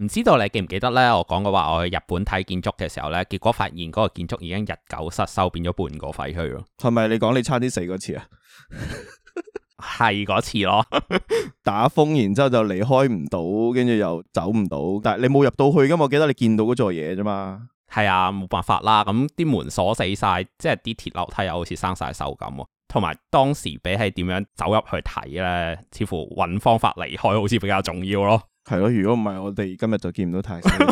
唔知道你記唔記得咧？我講過話，我去日本睇建築嘅時候咧，結果發現嗰個建築已經日久失修，變咗半個廢墟咯。係咪你講你差啲死嗰次啊？係嗰 次咯， 打風，然之後就離開唔到，跟住又走唔到。但係你冇入到去噶嘛？我記得你見到嗰座嘢啫嘛。係啊，冇辦法啦。咁啲門鎖死晒，即係啲鐵樓梯又好似生晒鏽咁。同埋當時比起點樣走入去睇咧？似乎揾方法離開，好似比較重要咯。係咯，如果唔係我哋今日就見唔到泰力斯。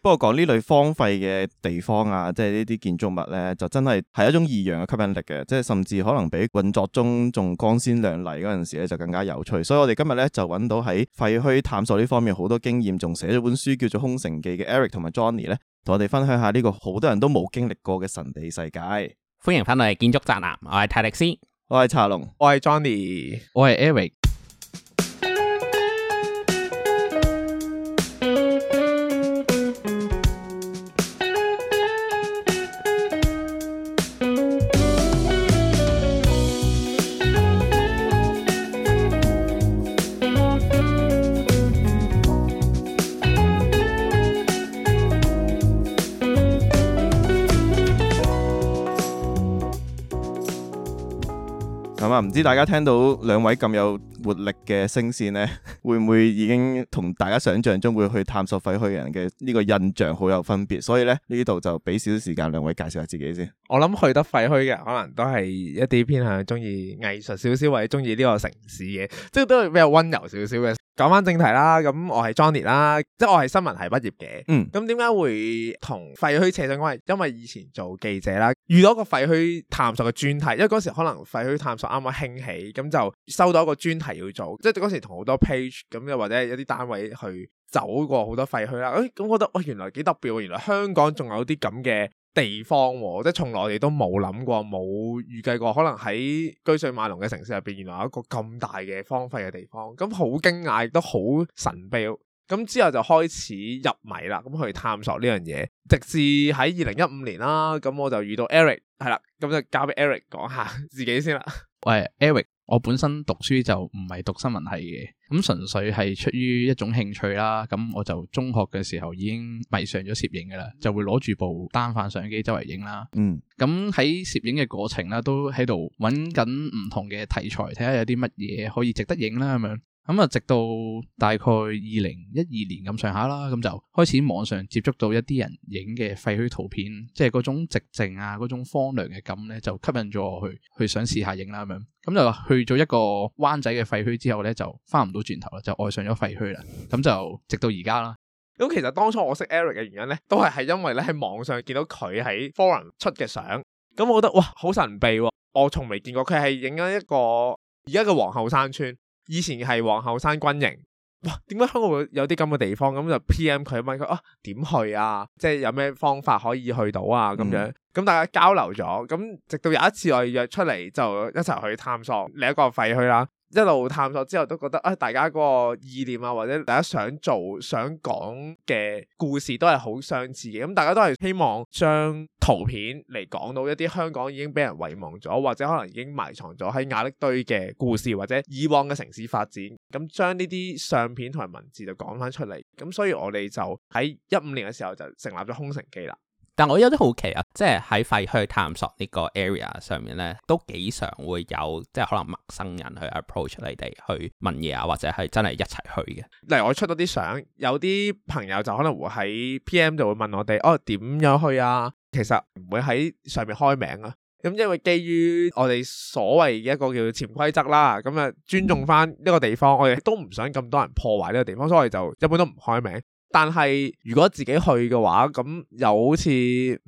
不過講呢類荒廢嘅地方啊，即係呢啲建築物咧，就真係係一種異樣嘅吸引力嘅，即係甚至可能比運作中仲光鮮亮麗嗰陣時咧就更加有趣。所以我哋今日咧就搵到喺廢墟探索呢方面好多經驗，仲寫咗本書叫做《空城記》嘅 Eric 同埋 Johnny 咧，同我哋分享下呢個好多人都冇經歷過嘅神秘世界。歡迎翻嚟《建築宅男》，我係泰力斯， 我係茶龍，我係 Johnny，我係 Eric。唔知大家聽到兩位咁有？活力嘅聲線呢， 會唔會已經同大家想象中會去探索廢墟人嘅呢個印象好有分別？所以呢，呢度就俾少少時間兩位介紹下自己先。我諗去得廢墟嘅可能都係一啲偏向中意藝術少少或者中意呢個城市嘅，即係都係比較温柔少少嘅。講翻正題啦，咁我係 Johnny 啦，即係我係新聞系畢業嘅。嗯，咁點解會同廢墟扯上關係嘅？因為以前做記者啦，遇到個廢墟探索嘅專題，因為嗰時可能廢墟探索啱啱興起，咁就收到一個專題。要做， 即係嗰時同好多 page 咁，又或者一啲單位去走過好多廢墟啦。誒、哎，咁我覺得，哇、哎，原來幾特別，原來香港仲有啲咁嘅地方，哦、即係從來我哋都冇諗過，冇預計過，可能喺居水馬龍嘅城市入邊，原來有一個咁大嘅荒廢嘅地方，咁好驚訝，亦都好神秘。咁、嗯、之後就開始入迷啦，咁、嗯、去探索呢樣嘢，直至喺二零一五年啦，咁、嗯、我就遇到 Eric，係啦，咁、嗯、就交俾 Eric 講下自己先啦。喂，Eric。我本身讀書就唔係讀新聞系嘅，咁純粹係出於一種興趣啦。咁我就中學嘅時候已經迷上咗攝影噶啦，就會攞住部單反相機周圍影啦。嗯，咁喺攝影嘅過程呢，都喺度揾緊唔同嘅題材，睇下有啲乜嘢可以值得影啦，咁樣。咁啊，直到大概二零一二年咁上下啦，咁就開始網上接觸到一啲人影嘅廢墟圖片，即係嗰種寂靜啊，嗰種荒涼嘅感咧，就吸引咗我去，去想試下影啦咁樣。咁就去咗一個灣仔嘅廢墟之後咧，就翻唔到轉頭啦，就愛上咗廢墟啦。咁就直到而家啦。咁其實當初我識 Eric 嘅原因咧，都係係因為咧喺網上見到佢喺 Forum 出嘅相，咁我覺得哇，好神秘啊，我從未見過。佢係影緊一個而家嘅皇后山村。以前係皇后山軍營，哇！點解香港會有啲咁嘅地方？咁就 PM 佢問佢啊，點去啊？即係有咩方法可以去到啊？咁、嗯、樣咁大家交流咗，咁直到有一次我約出嚟就一齊去探索另一個廢墟啦。一路探索之後都覺得啊、哎，大家嗰個意念啊，或者大家想做、想講嘅故事都係好相似嘅。咁、嗯、大家都係希望將圖片嚟講到一啲香港已經俾人遺忘咗，或者可能已經埋藏咗喺瓦礫堆嘅故事，或者以往嘅城市發展。咁將呢啲相片同埋文字就講翻出嚟。咁、嗯、所以我哋就喺一五年嘅時候就成立咗空城記啦。但我有啲好奇啊，即係喺廢墟探索呢個 area 上面咧，都幾常會有即係可能陌生人去 approach 你哋去問嘢啊，或者係真係一齊去嘅。例如我出咗啲相，有啲朋友就可能會喺 PM 就會問我哋哦點樣去啊？其實唔會喺上面開名啊。咁因為基於我哋所謂嘅一個叫潛規則啦，咁啊尊重翻呢個地方，我哋都唔想咁多人破壞呢個地方，所以就一般都唔開名。但係如果自己去嘅話，咁又好似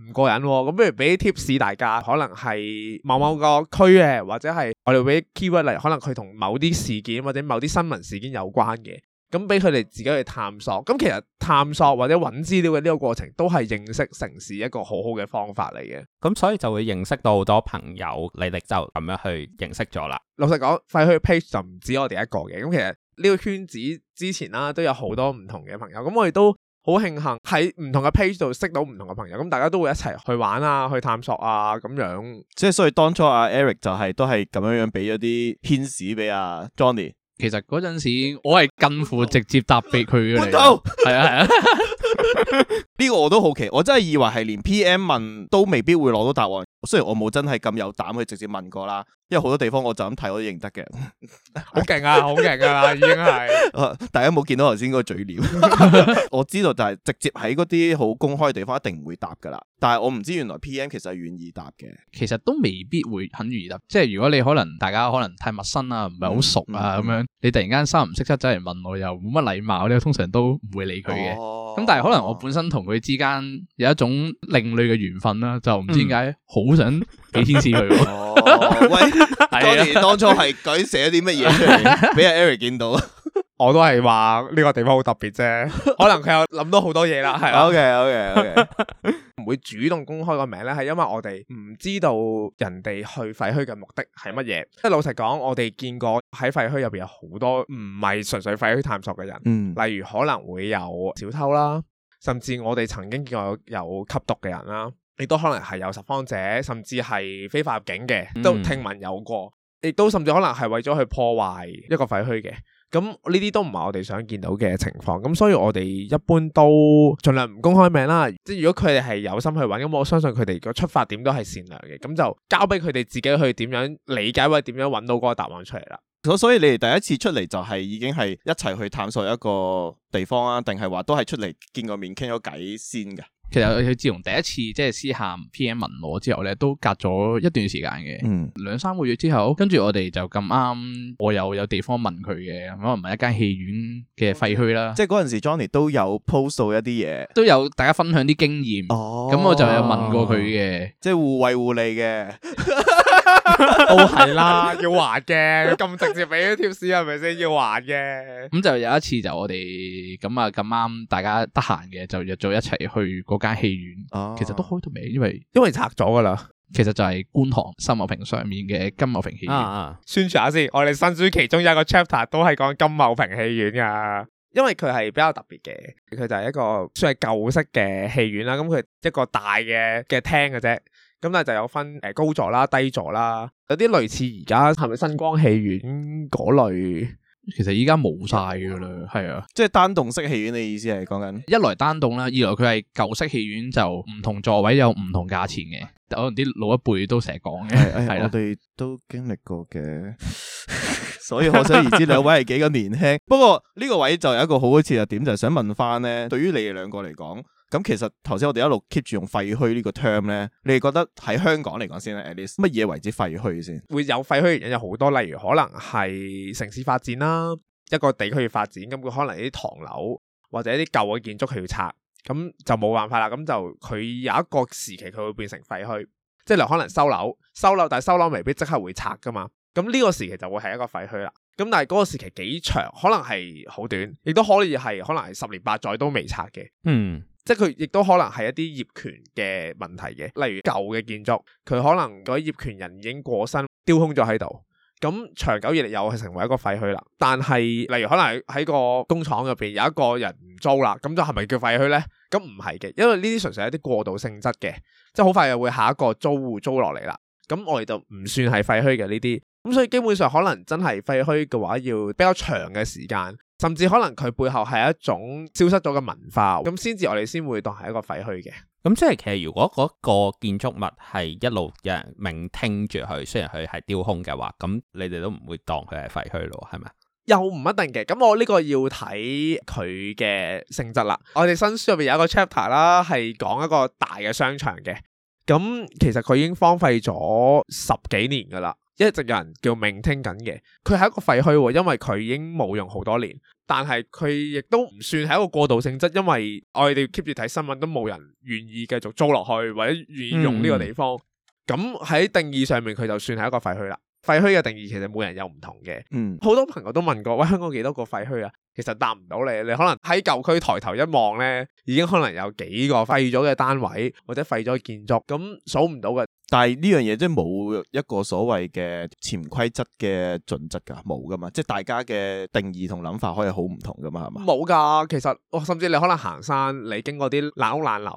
唔過癮喎。咁不如俾啲 tips 大家，可能係某某個區嘅，或者係我哋俾 keyword 嚟，可能佢同某啲事件或者某啲新聞事件有關嘅。咁俾佢哋自己去探索。咁其實探索或者揾資料嘅呢個過程，都係認識城市一個好好嘅方法嚟嘅。咁所以就會認識到好多朋友，你哋就咁樣去認識咗啦。老實講，廢墟 page 就唔止我哋一個嘅。咁其實。呢個圈子之前啦，都有好多唔同嘅朋友，咁我哋都好慶幸喺唔同嘅 page 度識到唔同嘅朋友，咁大家都會一齊去玩啊，去探索啊，咁樣。即係所以當初阿 Eric 就係、是、都係咁樣樣俾咗啲提示俾阿 Johnny。其實嗰陣時我係近乎直接答俾佢嘅，係啊，係啊，呢、啊、 個我都好奇，我真係以為係連 PM 問都未必會攞到答案。雖然我冇真係咁有膽去直接問過啦，因為好多地方我就咁睇我都認得嘅，好勁啊，好勁啊，已經係，大家冇見到頭先嗰個嘴料 我知道就係直接喺嗰啲好公開嘅地方一定唔會答噶啦，但係我唔知原來 PM 其實係願意答嘅，其實都未必會肯願意答，即係如果你可能大家可能太陌生啊，唔係好熟啊咁、嗯、樣，你突然間三唔識七走嚟問我又冇乜禮貌咧，通常都唔會理佢嘅，咁、哦、但係可能我本身同佢之間有一種另類嘅緣分啦，就唔知點解好。好想幾千次去喂，當初係鬼寫啲乜嘢出嚟俾阿 Eric 見到？我都係話呢個地方好特別啫， 可能佢又諗到好多嘢啦。係，OK OK OK，唔 會主動公開個名咧，係因為我哋唔知道人哋去廢墟嘅目的係乜嘢。即係老實講，我哋見過喺廢墟入邊有好多唔係純粹廢墟探索嘅人，嗯，例如可能會有小偷啦，甚至我哋曾經見過有吸毒嘅人啦。亦都可能係有拾荒者，甚至係非法入境嘅，都聽聞有過。亦都甚至可能係為咗去破壞一個廢墟嘅。咁呢啲都唔係我哋想見到嘅情況。咁所以我哋一般都盡量唔公開名啦。即係如果佢哋係有心去揾，咁我相信佢哋個出發點都係善良嘅。咁就交俾佢哋自己去點樣理解，或者點樣揾到嗰個答案出嚟啦。咁所以你哋第一次出嚟就係已經係一齊去探索一個地方啊？定係話都係出嚟見個面傾咗偈先嘅？其實佢自從第一次即係私下 PM 文我之後咧，都隔咗一段時間嘅，兩、嗯、三個月之後，跟住我哋就咁啱，我有有地方問佢嘅，可能唔係一間戲院嘅廢墟啦、嗯。即係嗰陣時 Johnny 都有 post 一啲嘢，都有大家分享啲經驗。哦，咁我就有問過佢嘅，哦，即係互惠互利嘅。 都係啦，要還嘅，咁直接俾咗貼士係咪先？要還嘅，咁就有一次就我哋咁啊咁啱，嗯、大家得閒嘅就約咗一齊去嗰間戲院，其實都開到未？因為因為拆咗噶啦。其實就係觀塘秀茂坪上面嘅金茂坪戲院，啊啊、宣傳下先。我哋新書其中有一個 chapter 都係講金茂坪戲院噶，因為佢係比較特別嘅，佢就係一個算係舊式嘅戲院啦。咁佢一個大嘅嘅廳嘅啫。咁咧就有分誒高座啦、低座啦，有啲類似而家係咪新光戲院嗰類？其實依家冇晒㗎喇，係啊，即係單棟式戲院嘅意思係講緊一來單棟啦，二來佢係舊式戲院就唔同座位有唔同價錢嘅，可能啲老一輩都成日講嘅。係我哋都經歷的 的過嘅， 所以可想而知兩位係幾個年輕。 不過呢個位就有一個好好切入點，就係、是、想問翻咧，對於你哋兩個嚟講。咁其實頭先我哋一路 keep 住用廢墟呢個 term 咧，你哋覺得喺香港嚟講先咧，at least 乜嘢為之廢墟先？會有廢墟嘅原因有好多，例如可能係城市發展啦，一個地區要發展，咁佢可能啲唐樓或者啲舊嘅建築佢要拆，咁就冇辦法啦。咁就佢有一個時期佢會變成廢墟，即係可能收樓，收樓但係收樓未必即刻會拆噶嘛。咁呢個時期就會係一個廢墟啦。咁但係嗰個時期幾長，可能係好短，亦都可以係可能係十年八載都未拆嘅。嗯。即係佢亦都可能係一啲業權嘅問題嘅，例如舊嘅建築，佢可能嗰啲業權人已經過身，丟空咗喺度，咁長久以嚟又係成為一個廢墟啦。但係例如可能喺個工廠入邊有一個人唔租啦，咁就係咪叫廢墟咧？咁唔係嘅，因為呢啲純粹係一啲過渡性質嘅，即係好快又會下一個租戶租落嚟啦。咁我哋就唔算係廢墟嘅呢啲。咁所以基本上可能真係廢墟嘅話，要比較長嘅時間。甚至可能佢背後係一種消失咗嘅文化，咁先至我哋先會當係一個廢墟嘅。咁即係其實如果嗰個建築物係一路有人明聽住佢，雖然佢係丟空嘅話，咁你哋都唔會當佢係廢墟咯，係咪？又唔一定嘅。咁我呢個要睇佢嘅性質啦。我哋新書入邊有一個 chapter 啦，係講一個大嘅商場嘅。咁其實佢已經荒廢咗十幾年噶啦。一直有人叫明聽緊嘅，佢係一個廢墟喎。哦，因為佢已經冇用好多年。但係佢亦都唔算係一個過渡性質，因為我哋要 keep 住睇新聞都冇人願意繼續租落去，或者願意用呢個地方。咁喺、嗯、定義上面，佢就算係一個廢墟啦。廢墟嘅定義其實每人有唔同嘅。嗯，好多朋友都問過，喂，香港幾多個廢墟啊？其實答唔到你，你可能喺舊區抬頭一望呢，已經可能有幾個廢咗嘅單位或者廢咗建築，咁數唔到嘅。但係呢樣嘢即係冇一個所謂嘅潛規則嘅準則噶，冇噶嘛，即係大家嘅定義同諗法可以好唔同噶嘛，係嘛？冇噶，其實，哦，甚至你可能行山，你經過啲爛屋爛樓，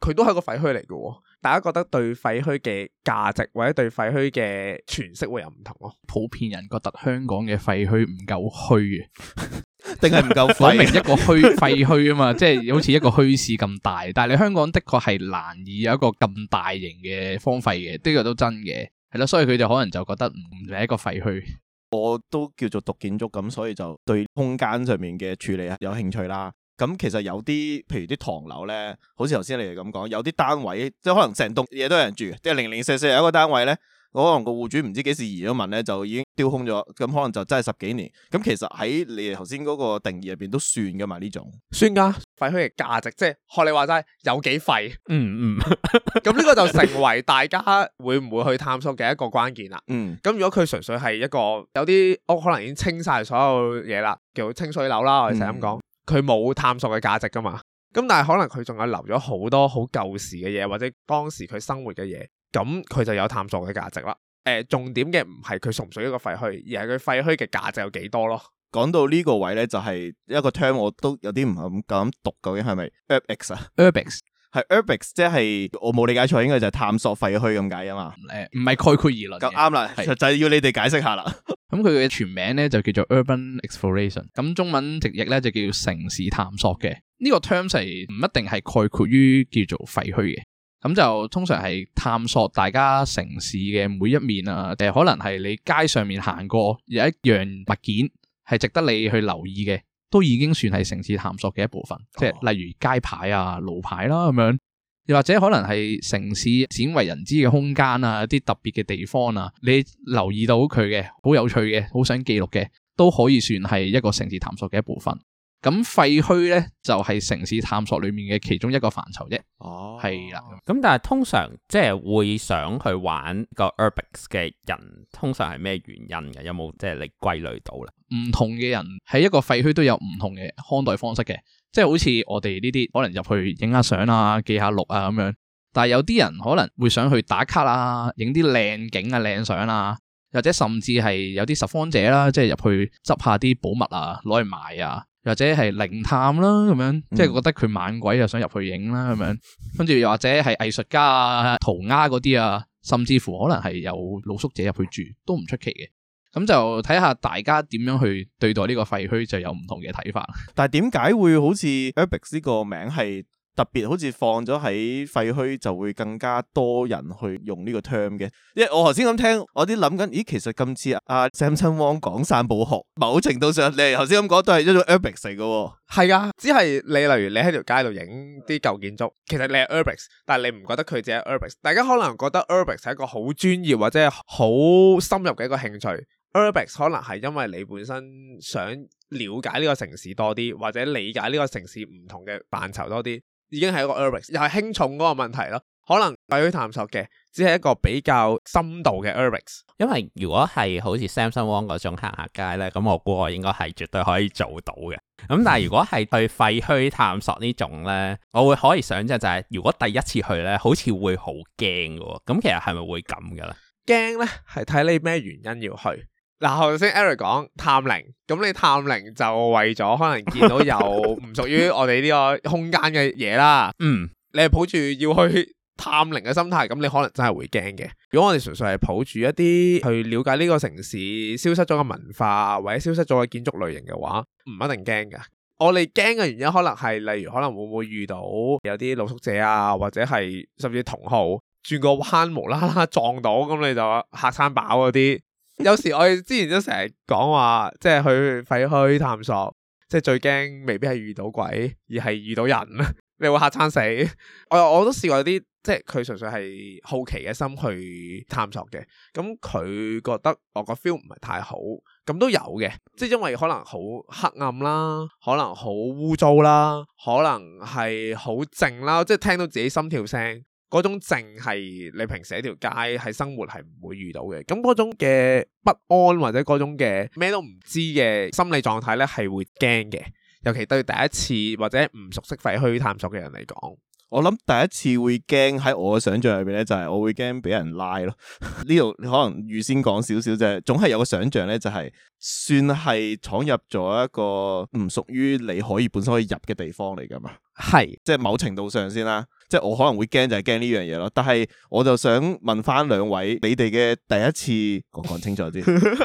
佢都係個廢墟嚟嘅。大家覺得對廢墟嘅價值或者對廢墟嘅詮釋會有唔同咯。普遍人覺得香港嘅廢墟唔夠虛嘅。定係唔夠，擺 明一個虛廢墟啊嘛，即係好似一個虛市咁大。但係你香港的確係難以有一個咁大型嘅荒廢嘅，呢、這個都真嘅，係咯。所以佢哋可能就覺得唔係一個廢墟。 我都叫做讀建築咁，所以就對空間上面嘅處理有興趣啦。咁其實有啲，譬如啲唐樓咧，好似頭先你哋咁講，有啲單位即係可能成棟嘢都有人住，即係零零四四有一個單位咧。可能個戶主唔知幾時移咗民咧，就已經丟空咗，咁可能就真係十幾年。咁其實喺你頭先嗰個定義入邊都算噶嘛，呢種。算啊，廢墟嘅價值，即係學你話齋有幾廢、嗯。嗯嗯。咁 呢個就成為大家會唔會去探索嘅一個關鍵啦。嗯。咁如果佢純粹係一個有啲屋可能已經清晒所有嘢啦，叫做清水樓啦，我哋成日咁講，佢冇、嗯、探索嘅價值噶嘛。咁但係可能佢仲係留咗好多好舊時嘅嘢，或者當時佢生活嘅嘢。咁佢就有探索嘅價值啦。誒、呃，重點嘅唔係佢屬唔屬於一個廢墟，而係佢廢墟嘅價值有幾多咯。講到呢個位咧，就係一個 term，我都有啲唔敢咁讀，究竟係咪 urbex 啊？urbex 係 urbex，即係我冇理解錯，應該就係探索廢墟咁解啊嘛。唔係、呃、概括而論。咁啱啦，實際要你哋解釋下啦。咁佢嘅全名咧就叫做 urban exploration，咁中文直譯咧就叫城市探索嘅。呢個 term 係唔一定係概括於叫做廢墟嘅。咁就通常係探索大家城市嘅每一面啊，定係、呃、誒，可能係你街上面行過有一樣物件係值得你去留意嘅，都已經算係城市探索嘅一部分，即係例如街牌啊、路牌啦、啊、咁樣，又或者可能係城市鮮為人知嘅空間啊、一啲特別嘅地方啊，你留意到佢嘅好有趣嘅、好想記錄嘅，都可以算係一個城市探索嘅一部分。咁廢墟咧就係城市探索裏面嘅其中一個範疇啫。哦，係啦。咁但係通常即係會想去玩個 Urbex 嘅人，通常係咩原因嘅？有冇即係你歸類到咧？唔同嘅人喺一個廢墟都有唔同嘅看待方式嘅。即係好似我哋呢啲可能入去影下相啊、記下錄啊咁樣。但係有啲人可能會想去打卡啊、影啲靚景啊、靚相啊，或者甚至係有啲拾荒者啦、啊，即係入去執下啲寶物啊，攞去賣啊。或者係靈探啦，咁樣即係覺得佢猛鬼又想入去影啦，咁樣跟住又或者係藝術家啊、塗鴉嗰啲啊，甚至乎可能係有露宿者入去住都唔出奇嘅。咁就睇下大家點樣去對待呢個廢墟，就有唔同嘅睇法。但係點解會好似 Urbex 呢個名係？特別好似放咗喺廢墟，就會更加多人去用呢個 term 嘅。因為我頭先咁聽，我啲諗緊，咦，其實今次阿、啊、Samson Wong 講散步學，某程度上你頭先咁講都係一種 urbex 嚟嘅。哦。係啊，只係你例如你喺條街度影啲舊建築，其實你係 urbex，但係你唔覺得佢自己係 urbex？大家可能覺得 urbex 係一個好專業或者係好深入嘅一個興趣。urbex、uh huh. 可能係因為你本身想了解呢個城市多啲，或者理解呢個城市唔同嘅範疇多啲。已經係一個 Urbex，又係輕重嗰個問題咯。可能廢墟探索嘅只係一個比較深度嘅 Urbex。因為如果係好似 Samson Wong 嗰種行下街咧，咁我估我應該係絕對可以做到嘅。咁但係如果係對廢墟探索呢種咧， 我會可以想象，就係如果第一次去咧，好似會好驚嘅。咁其實係咪會咁噶咧？驚咧係睇你咩原因要去。嗱，頭先 Eric 講探靈，咁你探靈就為咗可能見到有唔屬於我哋呢個空間嘅嘢啦。嗯， 你係抱住要去探靈嘅心態，咁你可能真係會驚嘅。如果我哋純粹係抱住一啲去了解呢個城市消失咗嘅文化或者消失咗嘅建築類型嘅話，唔一定驚嘅。我哋驚嘅原因可能係，例如可能會唔會遇到有啲露宿者啊，或者係甚至同好轉個彎無啦啦撞到，咁你就吓餐飽嗰啲。有時我哋之前都成日講話，即係去廢墟探索，即係最驚未必係遇到鬼，而係遇到人， 你會吓餐死。 我我都試過啲，即係佢純粹係好奇嘅心去探索嘅。咁佢覺得我個 feel 唔係太好，咁都有嘅，即係因為可能好黑暗啦，可能好污糟啦，可能係好靜啦，即係聽到自己心跳聲。嗰種淨係你平時喺條街喺生活係唔會遇到嘅，咁嗰種嘅不安或者嗰種嘅咩都唔知嘅心理狀態咧，係會驚嘅。尤其對第一次或者唔熟悉廢墟探索嘅人嚟講，我諗第一次會驚喺我嘅想像裏邊咧，就係、是、我會驚俾人拉咯。呢 度可能預先講少少啫，總係有個想像咧，就係、是、算係闖入咗一個唔屬於你可以本身可以入嘅地方嚟㗎嘛。係是，即係某程度上先啦。即係我可能會驚就係驚呢樣嘢咯，但係我就想問翻兩位，你哋嘅第一次，我講清楚啲，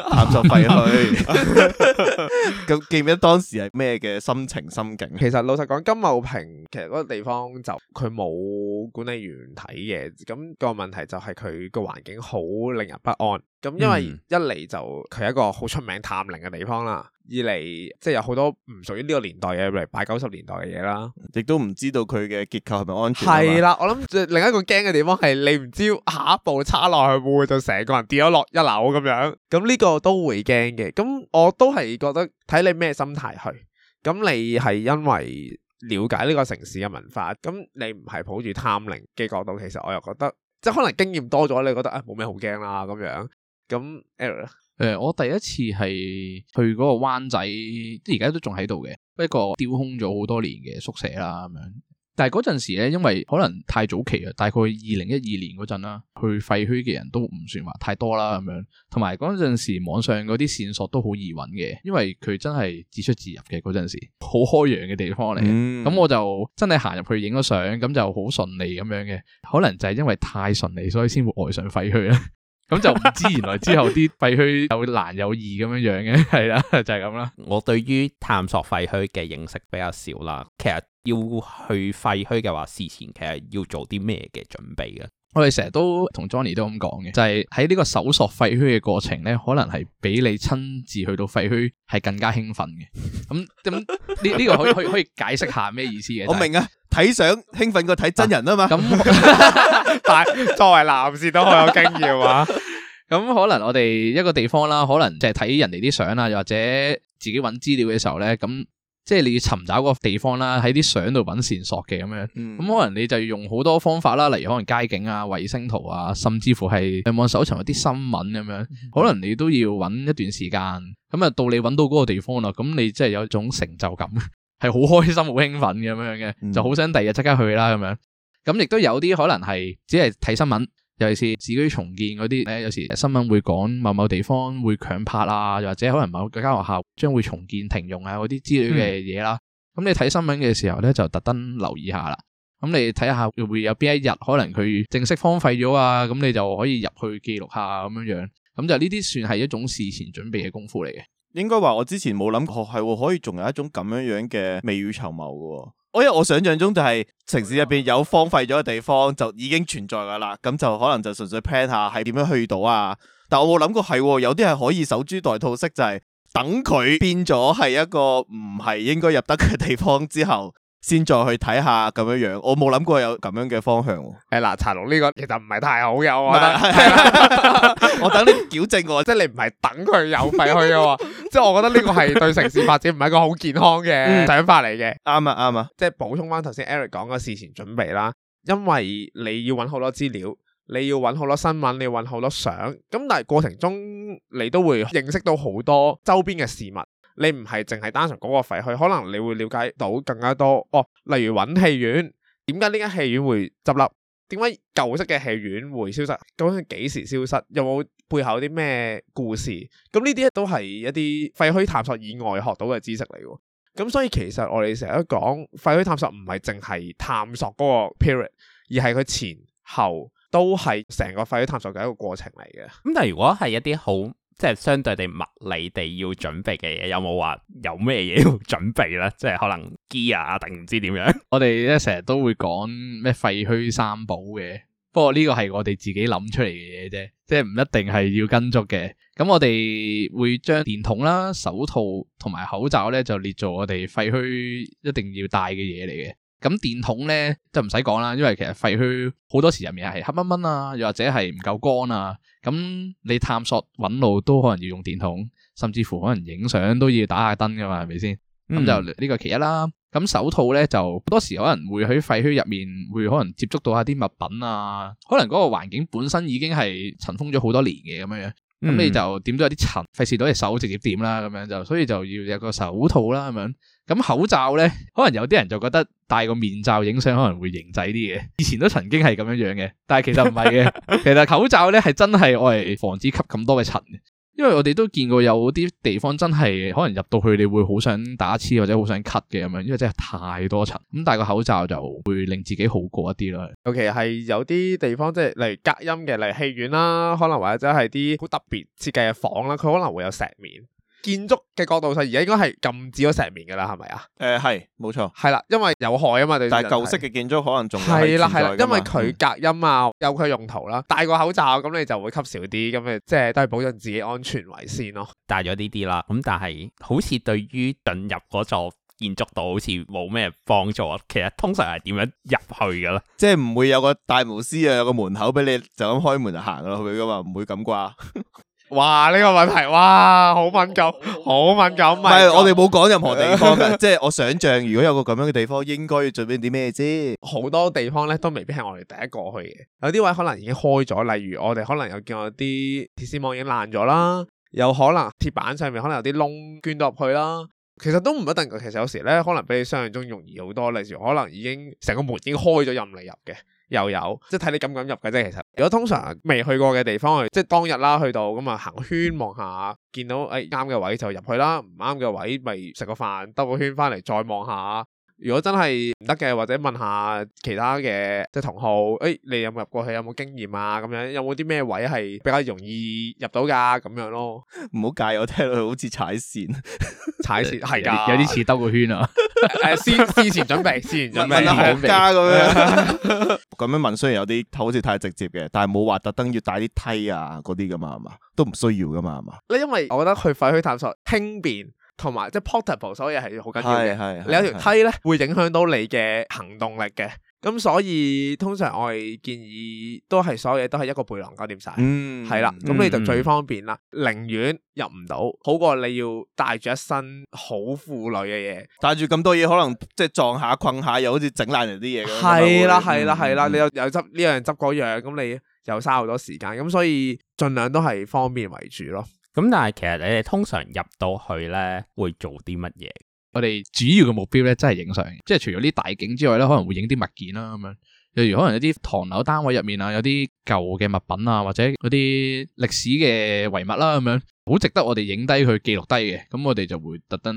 探索廢墟，咁 記唔得當時係咩嘅心情心境？其實老實講，金茂坪其實嗰個地方就佢冇管理員睇嘅，咁、嗰個問題就係佢個環境好令人不安，咁因為一嚟就佢係一個好出名探靈嘅地方啦，二嚟即係有好多唔屬於呢個年代嘅例如八九十年代嘅嘢啦，亦都唔知道佢嘅結構係咪安全。係啦，我諗另一個驚嘅地方係你唔知下一步差落去會唔會就成個人跌咗落一樓咁樣，咁呢個都會驚嘅。咁我都係覺得睇你咩心態去。咁你係因為了解呢個城市嘅文化，咁你唔係抱住探靈嘅角度，其實我又覺得即係可能經驗多咗，你覺得啊冇咩好驚啦咁樣。咁誒、呃、我第一次係去嗰個灣仔，而家都仲喺度嘅，不過丟空咗好多年嘅宿舍啦咁樣。但係嗰陣時咧，因為可能太早期啊，大概二零一二年嗰陣啦，去廢墟嘅人都唔算話太多啦咁樣，同埋嗰陣時網上嗰啲線索都好易揾嘅，因為佢真係自出自入嘅嗰陣時，好開揚嘅地方嚟。咁、嗯、我就真係行入去影咗相，咁就好順利咁樣嘅，可能就係因為太順利，所以先會愛上廢墟啦。咁 就唔知原來之後啲廢墟有難有易咁樣樣嘅，係啦，就係咁啦。我對於探索廢墟嘅認識比較少啦。其實要去廢墟嘅話，事前其實要做啲咩嘅準備嘅？我哋成日都同 Johnny 都咁講嘅，就係喺呢個搜索廢墟嘅過程咧，可能係比你親自去到廢墟係更加興奮嘅。咁咁呢呢個可以可以可以解釋下咩意思嘅？就係、我明啊，睇相興奮過睇真人啊嘛。 作為男士都好有經驗啊！咁 可能我哋一個地方啦，可能就係睇人哋啲相啊，又或者自己揾資料嘅時候呢。咁即係你要尋找個地方啦、啊，喺啲相度揾線索嘅咁樣。咁可能你就用好多方法啦，例如可能街景啊、衛星圖啊，甚至乎係上網搜尋一啲新聞咁樣。可能你都要揾一段時間，咁啊到你揾到嗰個地方啦，咁你即係有一種成就感，係好開心、好興奮咁樣嘅，就好想第二日即刻去啦咁樣。咁亦都有啲可能係只係睇新聞，尤其是市區重建嗰啲咧，有時新聞會講某某地方會強拍啊，或者可能某間學校將會重建停用啊嗰啲之類嘅嘢啦。咁、嗯、你睇新聞嘅時候咧，就特登留意下啦。咁你睇下會唔會有邊一日可能佢正式荒廢咗啊？咁你就可以入去記錄下咁樣樣。咁就呢啲算係一種事前準備嘅功夫嚟嘅。應該話我之前冇諗過，係可以仲有一種咁樣樣嘅未雨綢繆嘅、哦。我因為，我想象中就係城市入邊有荒廢咗嘅地方就已經存在噶啦，咁就可能就純粹 plan 下係點樣去到啊。但我冇諗過係，有啲係可以守株待兔式，就係、是、等佢變咗係一個唔係應該入得嘅地方之後。先再去睇下咁樣樣，我冇諗過有咁樣嘅方向、啊哎。誒，奶茶樓呢個其實唔係太好有啊，我等你矯正我， 即係你唔係等佢有廢墟啊， 即係我覺得呢個係對城市發展唔係一個好健康嘅想法嚟嘅、 嗯。啱、嗯嗯嗯嗯、啊，啱啊，啊啊即係補充翻頭先 Eric 講嘅事前準備啦，因為你要搵好多資料，你要搵好多新聞，你要搵好多相，咁但係過程中你都會認識到好多周邊嘅事物。你唔係淨係單純嗰個廢墟，可能你會了解到更加多哦。例如揾戲院，點解呢間戲院會執笠？點解舊式嘅戲院會消失？究竟幾時消失？有冇背後啲咩故事？咁呢啲都係一啲廢墟探索以外學到嘅知識嚟嘅。咁所以其實我哋成日都講廢墟探索唔係淨係探索嗰個 period，而係佢前後都係成個廢墟探索嘅一個過程嚟嘅。咁但係如果係一啲好。即係相對地，物理地要準備嘅嘢，有冇話有咩嘢要準備咧？即係可能 gear 啊，定唔知點樣？我哋咧成日都會講咩廢墟三寶嘅，不過呢個係我哋自己諗出嚟嘅嘢啫，即係唔一定係要跟足嘅。咁我哋會將電筒啦、手套同埋口罩咧，就列做我哋廢墟一定要帶嘅嘢嚟嘅。咁電筒咧就唔使講啦，因為其實廢墟好多時入面係黑掹掹啊，又或者係唔夠光啊。咁你探索搵路都可能要用電筒，甚至乎可能影相都要打下燈噶嘛，係咪先？咁、嗯、就呢個其一啦。咁手套咧就好多時可能會喺廢墟入面會可能接觸到下啲物品啊，可能嗰個環境本身已經係塵封咗好多年嘅咁樣樣。咁、嗯、你就點咗有啲塵，費事到隻手直接點啦，咁樣就所以就要有個手套啦，咁樣。咁口罩咧，可能有啲人就覺得戴個面罩影相可能會型仔啲嘅，以前都曾經係咁樣樣嘅，但係其實唔係嘅， 其實口罩咧係真係我嚟防止吸咁多嘅塵，因為我哋都見過有啲地方真係可能入到去，你會好想打黐或者好想咳嘅咁樣，因為真係太多塵。咁戴個口罩就會令自己好過一啲啦。尤其係有啲地方即係例如隔音嘅，例如戲院啦，可能或者真係啲好特別設計嘅房啦，佢可能會有石棉。建築嘅角度上，而家應該係禁止咗石棉嘅啦，係咪啊？誒係、嗯，冇錯。係啦，因為有害啊嘛。對，但係舊式嘅建築可能仲係啦，係啦，因為佢隔音啊，有佢用途啦。戴個口罩咁，嗯、你就會吸少啲，咁嘅即係都係保障自己安全為先咯。戴咗呢啲啦，咁但係好似對於進入嗰座建築度好似冇咩幫助啊。其實通常係點樣入去嘅咧？即係唔會有個大巫師啊，有個門口俾你就咁開門就行落去噶嘛，唔會咁啩。 哇！呢、這個問題哇，好哇敏感，好哇敏感。唔係哇，不我哋冇講任何地方嘅， 即係我想象如果有個咁樣嘅地方，應該要準備啲咩先？好多地方咧都未必係我哋第一個去嘅，有啲位可能已經開咗，例如我哋可能有見到啲鐵絲網已經爛咗啦，有可能鐵板上面可能有啲窿捐咗入去啦，其實都唔一定。其實有時咧，可能比你想象中容易好多，例如可能已經成個門已經開咗任你入嘅。又有，即係睇你敢唔敢入嘅啫。其實如果通常未去過嘅地方，即係當日啦，去到咁啊，行個圈望下，見到誒啱嘅位就入去啦，唔啱嘅位咪食個飯兜個圈翻嚟再望下。如果真係唔得嘅，或者問下其他嘅即係同學，誒、哎，你有冇入過去，有冇經驗啊？咁樣有冇啲咩位係比較容易入到噶？咁樣咯，唔好介意，我聽到好似踩線，踩線係噶有啲似兜個圈啊。誒、啊啊，先先前準備，先前準備，行家咁樣，咁樣問，雖然有啲好似太直接嘅，但係冇話特登要帶啲梯啊嗰啲噶嘛，係嘛，都唔需要噶嘛，係嘛。咧，因為我覺得去廢墟探索輕便。同埋即係 portable，所以係好緊要嘅。你有條梯咧，是會影響到你嘅行動力嘅。咁所以通常我哋建議都係所有嘢都係一個背囊搞掂晒。嗯，係啦，咁你就最方便啦。寧願入唔到，好過你要帶住一身好負累嘅嘢，帶住咁多嘢可能即係撞下困下，又好似整爛人啲嘢。係啦係啦係啦，你又又執呢樣執嗰樣，咁你又嘥好多時間。咁所以盡量都係方便為主咯。咁但係其實你哋通常入到去咧會做啲乜嘢？我哋主要嘅目標咧，真係影相，即係除咗啲大景之外咧，可能會影啲物件啦，咁樣，例如可能有啲唐樓單位入面啊，有啲舊嘅物品啊，或者嗰啲歷史嘅遺物啦，咁樣，好值得我哋影低佢記錄低嘅，咁我哋就會特登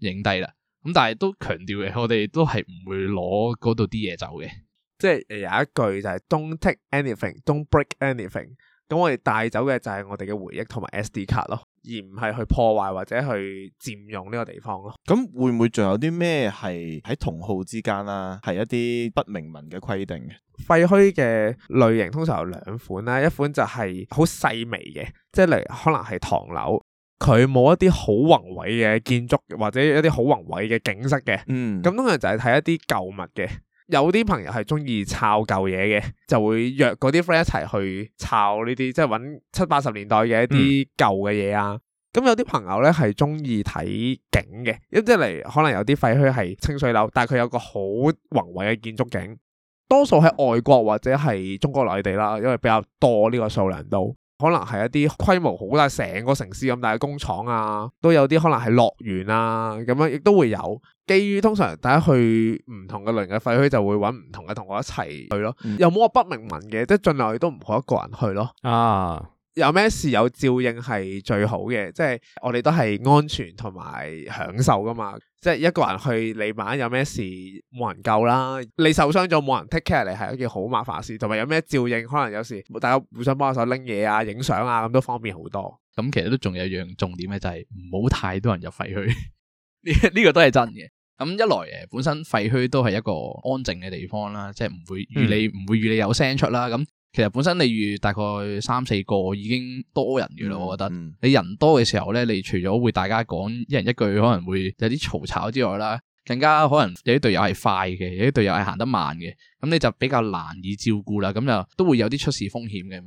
影低啦。咁但係都強調嘅，我哋都係唔會攞嗰度啲嘢走嘅，即係有一句就係、是、Don't take anything, don't break anything。咁我哋帶走嘅就係我哋嘅回憶同埋 SD 卡咯，而唔係去破壞或者去佔用呢個地方咯。咁會唔會仲有啲咩係喺同好之間啦、啊？係一啲不明文嘅規定嘅廢墟嘅類型，通常有兩款啦。一款就係好細微嘅，即係例如可能係唐樓，佢冇一啲好宏偉嘅建築或者一啲好宏偉嘅景色嘅。嗯，咁通常就係睇一啲舊物嘅。有啲朋友係中意抄舊嘢嘅，就會約嗰啲 friend 一齊去抄呢啲，即係揾七八十年代嘅一啲舊嘅嘢啊。咁、嗯、有啲朋友咧係中意睇景嘅，咁即係嚟可能有啲廢墟係清水樓，但係佢有個好宏偉嘅建築景。多數喺外國或者係中國內地啦，因為比較多呢個數量都。可能係一啲規模好大、成個城市咁大嘅工廠啊，都有啲可能係樂園啊，咁樣亦都會有。基於通常大家去唔同嘅類型嘅廢墟，就會搵唔同嘅同學一齊去咯。嗯、又冇話不明文嘅，即係盡量都唔好一個人去咯。啊！有咩事有照應係最好嘅，即係我哋都係安全同埋享受噶嘛。即係一個人去你萬一有咩事冇人救啦，你受傷咗冇人 take care 你係一件好麻煩事。同埋有咩照應，可能有時大家互相幫下手拎嘢啊、影相啊，咁都方便好多。咁、嗯、其實都仲有一樣重點嘅就係唔好太多人入廢墟，呢 呢個都係真嘅。咁一來誒，本身廢墟都係一個安靜嘅地方啦，即係唔會預你唔會預你有聲出啦。咁。其實本身你遇大概三四個已經多人嘅啦，我覺得。你人多嘅時候咧，你除咗會大家講一人一句，可能會有啲嘈吵吵之外啦，更加可能有啲隊友係快嘅，有啲隊友係行得慢嘅，咁你就比較難以照顧啦，咁就都會有啲出事風險嘅咁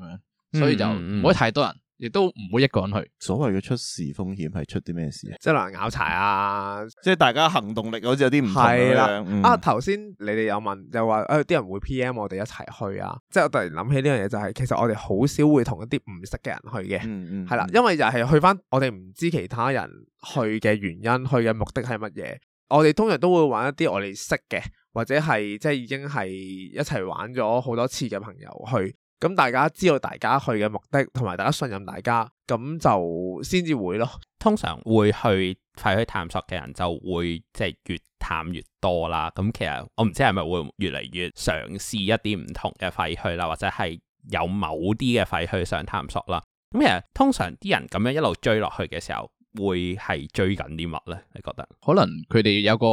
樣，所以就唔好太多人，嗯。嗯嗯亦都唔會一個人去。所謂嘅出事風險係出啲咩事啊？即係可能拗柴啊，即係大家行動力好似有啲唔同咁樣。係啦嗯、啊，頭先你哋有問又話，誒、哎，啲人會 PM 我哋一齊去啊。即係我突然諗起呢樣嘢，就係其實我哋好少會同一啲唔識嘅人去嘅、嗯。嗯嗯，係啦，因為就係去翻我哋唔知其他人去嘅原因，嗯、去嘅目的係乜嘢？我哋通常都會玩一啲我哋識嘅，或者係即係已經係一齊玩咗好多次嘅朋友去。咁大家知道大家去嘅目的，同埋大家信任大家，咁就先至會咯。通常會去廢墟探索嘅人，就會即係越探越多啦。咁其實我唔知係咪會越嚟越嘗試一啲唔同嘅廢墟啦，或者係有某啲嘅廢墟想探索啦。咁其實通常啲人咁樣一路追落去嘅時候，會係追緊啲乜咧？你覺得？可能佢哋有個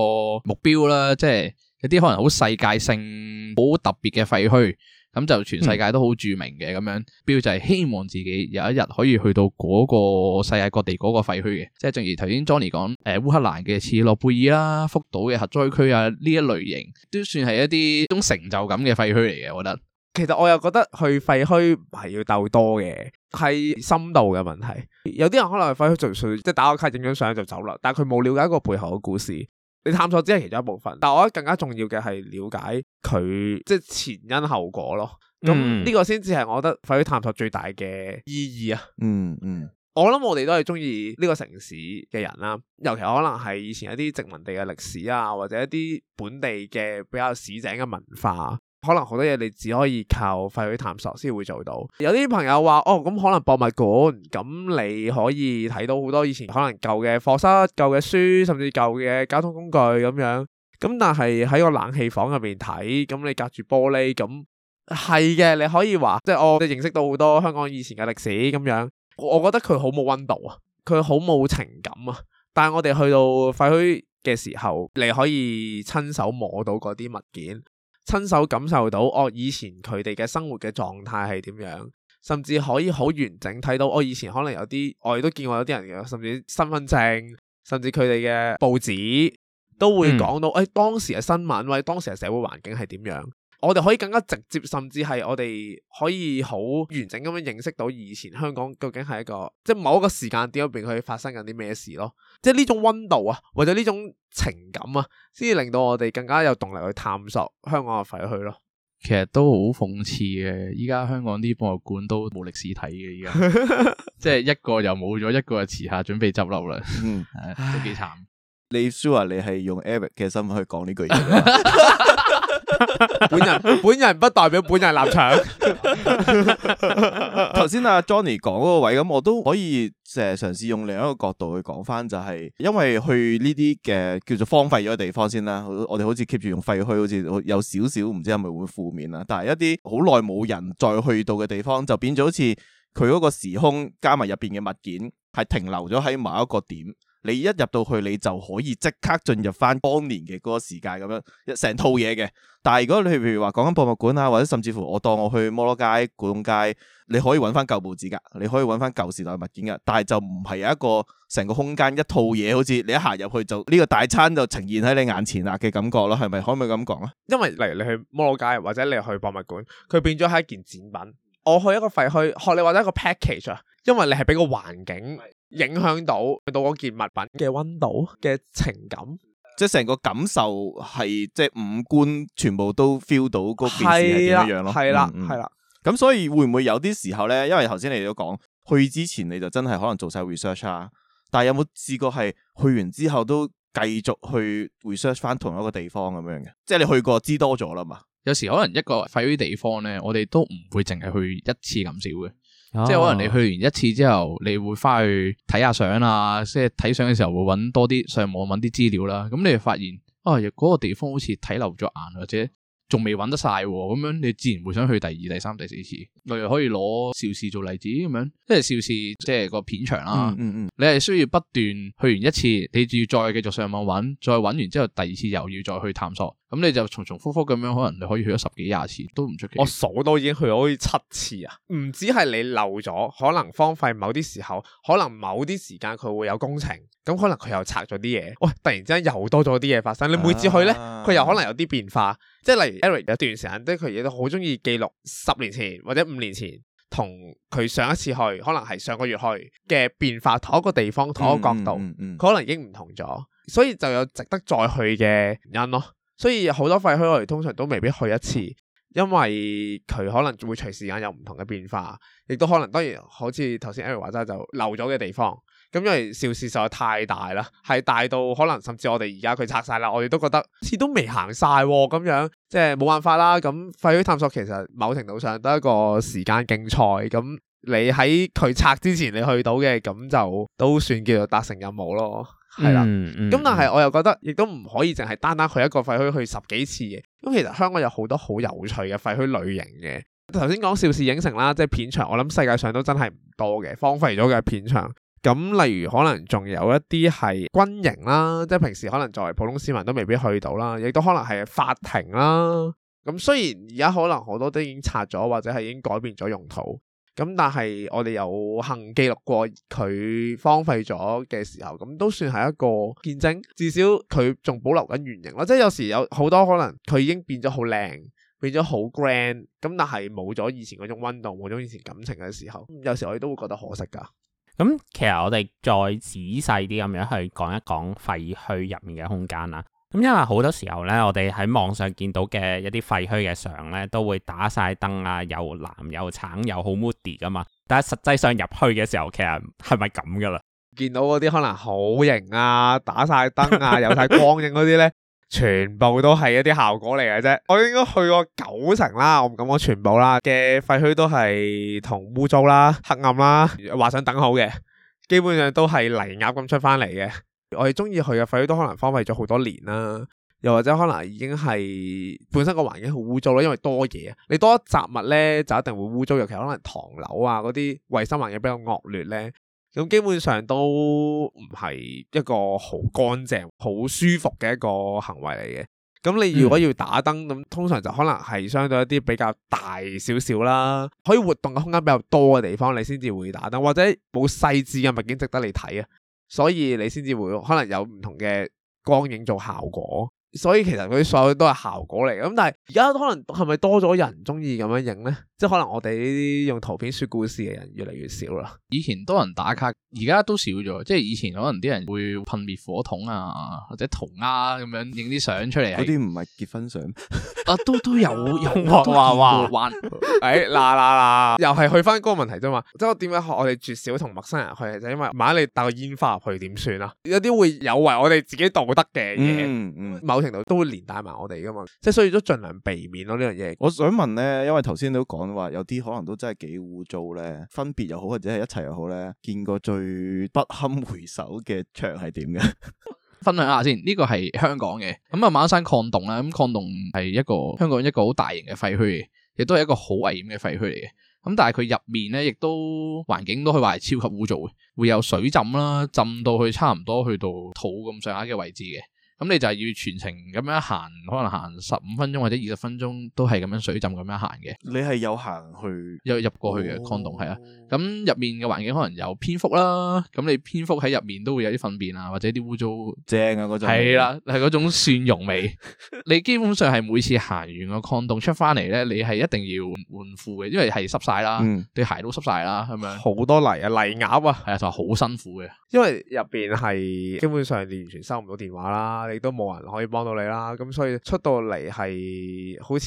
目標啦，即係一啲可能好世界性、好特別嘅廢墟。咁就全世界都好著名嘅咁樣，目標就係希望自己有一日可以去到嗰個世界各地嗰個廢墟嘅，即係正如頭先 Johnny 講，誒、呃、烏克蘭嘅切爾諾貝爾啦，福島嘅核災區啊呢一類型，都算係一啲種成就感嘅廢墟嚟嘅，我覺得。其實我又覺得去廢墟唔係要鬥多嘅，係深度嘅問題。有啲人可能去廢墟純粹即係打個卡、影張相就走啦，但係佢冇了解個背後嘅故事。你探索只係其中一部分，但我覺得更加重要嘅，係了解佢即係前因後果咯。咁呢、嗯、個先至係我覺得廢墟探索最大嘅意義啊。嗯嗯，嗯我諗我哋都係中意呢個城市嘅人啦，啊，尤其可能係以前一啲殖民地嘅歷史啊，或者一啲本地嘅比較市井嘅文化。可能好多嘢，你只可以靠廢墟探索先會做到。有啲朋友話哦，咁可能博物館，咁你可以睇到好多以前可能舊嘅課室、舊嘅書，甚至舊嘅交通工具咁樣。咁但係喺個冷氣房入面睇，咁你隔住玻璃，咁係嘅，你可以話即係我哋認識到好多香港以前嘅歷史咁樣。我覺得佢好冇温度啊，佢好冇情感啊。但係我哋去到廢墟嘅時候，你可以親手摸到嗰啲物件。親手感受到我、哦、以前佢哋嘅生活嘅狀態係點樣，甚至可以好完整睇到我、哦、以前可能有啲，我亦都見過有啲人嘅，甚至身份證，甚至佢哋嘅報紙都會講到，誒、嗯哎、當時嘅新聞或者當時嘅社會環境係點樣。我哋可以更加直接，甚至係我哋可以好完整咁樣認識到以前香港究竟係一個，即係某一個時間點入邊佢發生緊啲咩事咯。即係呢種溫度啊，或者呢種情感啊，先至令到我哋更加有動力去探索香港嘅廢墟咯。其實都好諷刺嘅，依家香港啲博物館都冇歷史睇嘅，依家 即係一個又冇咗，一個又遲下準備執笠啦。嗯，都幾 慘。李舒華，你係用 Eric 嘅身份去講呢句嘢。 本人本人不代表本人立場。頭先阿 Johnny 講嗰個位，咁我都可以誒嘗試用另一個角度去講翻、就是，就係因為去呢啲嘅叫做荒廢咗嘅地方先啦。我哋好似 keep 住用廢墟，好似有少少唔知係咪會負面啦。但係一啲好耐冇人再去到嘅地方，就變咗好似佢嗰個時空加埋入邊嘅物件係停留咗喺某一個點。你一入到去，你就可以即刻進入翻當年嘅嗰個世界咁樣一成套嘢嘅。但係如果你譬如話講緊博物館啊，或者甚至乎我當我去摩羅街、古董街，你可以揾翻舊報紙噶，你可以揾翻舊時代物件噶。但係就唔係有一個成個空間一套嘢，好似你一行入去就呢個大餐就呈現喺你眼前啦嘅感覺咯，係咪？可唔可以咁講咧？因為例如你去摩羅街或者你去博物館，佢變咗係一件展品。我去一個廢墟，學你話齋一個 package，因為你係俾個環境。影響到到件物品嘅溫度嘅情感，即係成個感受係即係五官全部都 feel 到嗰件事係點樣咯，係啦的，係啦、嗯，咁、嗯、所以會唔會有啲時候咧？因為頭先你哋都講去之前你就真係可能做晒 research 啊，但係有冇試過係去完之後都繼續去 research 返同一個地方咁樣嘅？即係你去過知多咗啦嘛？有時可能一個廢墟地方咧，我哋都唔會淨係去一次咁少嘅。即係可能你去完一次之後，你會翻去睇下相啊，即係睇相嘅時候會揾多啲上網揾啲資料啦。咁你就發現，啊，嗰個地方好似睇漏咗眼，或者仲未揾得晒，咁樣你自然會想去第二、第三、第四次。例如可以攞邵氏做例子咁樣，即係邵氏即係個片場啦、嗯。嗯嗯你係需要不斷去完一次，你就要再繼續上網揾，再揾完之後第二次又要再去探索。咁、嗯、你就重重複複咁樣，可能你可以去咗十幾廿次都唔出奇。我數都已經去咗好似七次啊！唔止係你漏咗，可能荒廢某啲時候，可能某啲時間佢會有工程，咁可能佢又拆咗啲嘢，哇、哦！突然之間又多咗啲嘢發生。你每次去咧，佢、啊、又可能有啲變化，即係例如 Eric 有段時間，即係佢亦都好中意記錄十年前或者五年前同佢上一次去，可能係上個月去嘅變化，同一個地方同一個角度，佢、嗯嗯嗯嗯、可能已經唔同咗，所以就有值得再去嘅原因咯。所以好多廢墟我哋通常都未必去一次，因為佢可能會隨時間有唔同嘅變化，亦都可能當然好似頭先 Eric 話齋就漏咗嘅地方，咁因為邵氏實在太大啦，係大到可能甚至我哋而家佢拆晒啦，我哋都覺得似都未行晒喎，咁樣即係冇辦法啦。咁廢墟探索其實某程度上都係一個時間競賽，咁你喺佢拆之前你去到嘅，咁就都算叫做達成任務咯。係啦，咁、嗯嗯、但係我又覺得，亦都唔可以淨係單單去一個廢墟去十幾次嘅。咁其實香港有好多好有趣嘅廢墟類型嘅。頭先講邵氏影城啦，即係片場，我諗世界上都真係唔多嘅荒廢咗嘅片場。咁例如可能仲有一啲係軍營啦，即係平時可能作為普通市民都未必去到啦，亦都可能係法庭啦。咁雖然而家可能好多都已經拆咗，或者係已經改變咗用途。咁但係我哋有幸記錄過佢荒廢咗嘅時候，咁都算係一個見證。至少佢仲保留緊原形咯，即係有時有好多可能佢已經變咗好靚，變咗好 grand，咁但係冇咗以前嗰種溫度，冇咗以前感情嘅時候，有時我哋都會覺得可惜噶。咁其實我哋再仔細啲咁樣去講一講廢墟入面嘅空間啦。咁因為好多時候咧，我哋喺網上見到嘅一啲廢墟嘅相咧，都會打晒燈啊，又藍又橙又好 moody 噶嘛。但係實際上入去嘅時候，其實係咪咁噶啦？見到嗰啲可能好型啊，打晒燈啊，有晒光影嗰啲咧， 全部都係一啲效果嚟嘅啫。我應該去過九成啦，我唔敢講全部啦。嘅廢墟都係同污糟啦、黑暗啦，畫上等號嘅，基本上都係泥鴨咁出翻嚟嘅。我哋中意去嘅廢墟都可能荒廢咗好多年啦，又或者可能已經係本身個環境好污糟咯，因為多嘢啊，你多雜物咧就一定會污糟。尤其可能唐樓啊嗰啲衛生環境比較惡劣咧，咁基本上都唔係一個好乾淨、好舒服嘅一個行為嚟嘅。咁你如果要打燈咁，通常就可能係相對一啲比較大少少啦，可以活動嘅空間比較多嘅地方，你先至會打燈，或者冇細致嘅物件值得你睇啊。所以你先至會可能有唔同嘅光影做效果。所以其實佢所有都係效果嚟嘅。咁但係而家可能係咪多咗人中意咁樣影咧？即係可能我哋呢啲用圖片說故事嘅人越嚟越少啦。以前多人打卡，而家都少咗。即係以前可能啲人會噴滅火筒啊，或者塗鴉咁樣影啲相出嚟。嗰啲唔係結婚相啊，都都有用畫畫畫，誒、 哎、啦啦啦，又係去翻嗰個問題啫嘛。即係我點解我哋絕少同陌生人去，就是、因為萬一你帶個煙花入去點算啊？有啲會有違我哋自己道德嘅嘢，某、嗯。嗯程度都會連帶埋我哋㗎嘛，即係所以都盡量避免咯呢樣嘢。我想問咧，因為頭先都講話有啲可能都真係幾污糟咧，分別又好或者係一齊又好咧，見過最不堪回首嘅場係點嘅？ 分享下先，呢、這個係香港嘅。咁、嗯、啊，馬鞍山礦洞喇，咁礦洞係一個香港一個好大型嘅廢墟嘅，亦都係一個好危險嘅廢墟嚟嘅。咁、嗯、但係佢入面咧，亦都環境都可以話係超級污糟嘅，會有水浸啦，浸到去差唔多去到肚咁上下嘅位置嘅。咁你就係要全程咁樣行，可能行十五分鐘或者二十分鐘都係咁樣水浸咁樣行嘅。你係有行去，有入過去嘅礦洞係啊。咁入、哦、面嘅環境可能有蝙蝠啦，咁你蝙蝠喺入面都會有啲糞便啊，或者啲污糟。正啊，嗰種係啦，係嗰種蒜蓉味。 你基本上係每次行完個礦洞出翻嚟咧，你係一定要換褲嘅，因為係濕晒啦，對、嗯、鞋都濕晒啦，咁樣好多泥啊，泥鴨啊，係啊，就好辛苦嘅。 因為入邊係基本上你完全收唔到電話啦。你都冇人可以幫到你啦，咁所以出到嚟係好似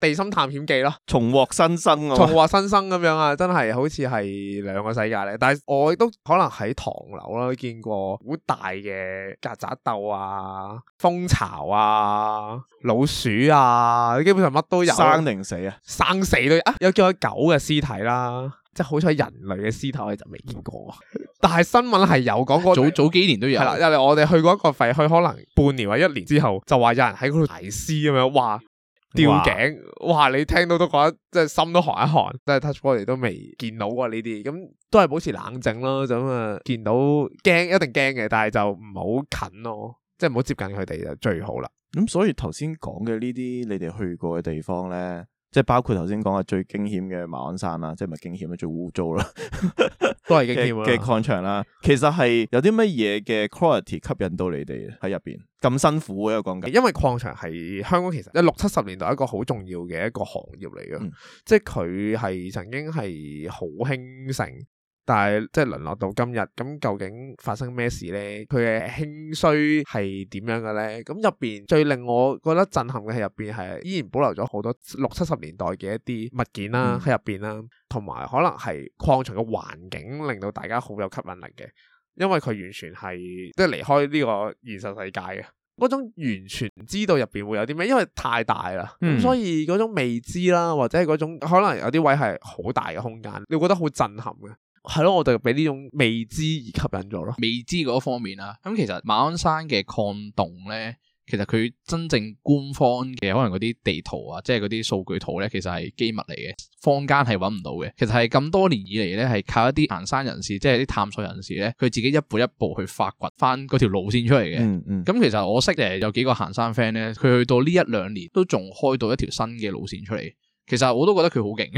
地心探險記咯。重獲新生，啊，重獲新生咁樣啊，真係好似係兩個世界嚟。但係我亦都可能喺唐樓啦，見過好大嘅曱甴竇啊、蜂巢啊、老鼠啊，基本上乜都有，生定死啊，生死都有啊，有見到狗嘅屍體啦。即係好彩人類嘅屍體就未見過， 但係新聞係有講過， 早早幾年都有。啦了，因為我哋去過一個廢墟，可能半年或一年之後就話有人喺嗰度埋屍咁樣，哇，吊頸，哇，哇你聽到都覺得即係心都寒一寒。即係 touch body 都未見到過呢啲，咁都係保持冷靜咯。咁啊，見到驚一定驚嘅，但係就唔好近咯，即係唔好接近佢哋就最好啦。咁、嗯、所以頭先講嘅呢啲你哋去過嘅地方咧。即係包括頭先講嘅最驚險嘅馬鞍山啦，即係咪係驚險啦，即係、最污糟啦， 都係驚險嘅 礦場啦。其實係有啲乜嘢嘅 quality 吸引到你哋喺入邊咁辛苦嘅一個講解？因為礦場係香港其實喺六七十年代一個好重要嘅一個行業嚟嘅，嗯、即係佢係曾經係好興盛。但係即係淪落到今日，咁究竟發生咩事呢？佢嘅興衰係點樣嘅呢？咁入邊最令我覺得震撼嘅係入邊係依然保留咗好多六七十年代嘅一啲物件啦，啊，喺入邊啦，同埋可能係礦場嘅環境令到大家好有吸引力嘅，因為佢完全係即係離開呢個現實世界嘅，嗰種完全唔知道入邊會有啲咩，因為太大啦，嗯嗯，所以嗰種未知啦，或者係嗰種可能有啲位係好大嘅空間，你會覺得好震撼嘅。係咯，我就俾呢種未知而吸引咗咯。未知嗰方面啦，咁其實馬鞍山嘅礦洞咧，其實佢真正官方嘅可能嗰啲地圖啊，即係嗰啲數據圖咧，其實係機密嚟嘅，坊間係揾唔到嘅。其實係咁多年以嚟咧，係靠一啲行山人士，即係啲探索人士咧，佢自己一步一步去發掘翻嗰條路線出嚟嘅。咁、嗯嗯、其實我識誒有幾個行山 friend 咧，佢去到呢一兩年都仲開到一條新嘅路線出嚟。其實我都覺得佢好勁，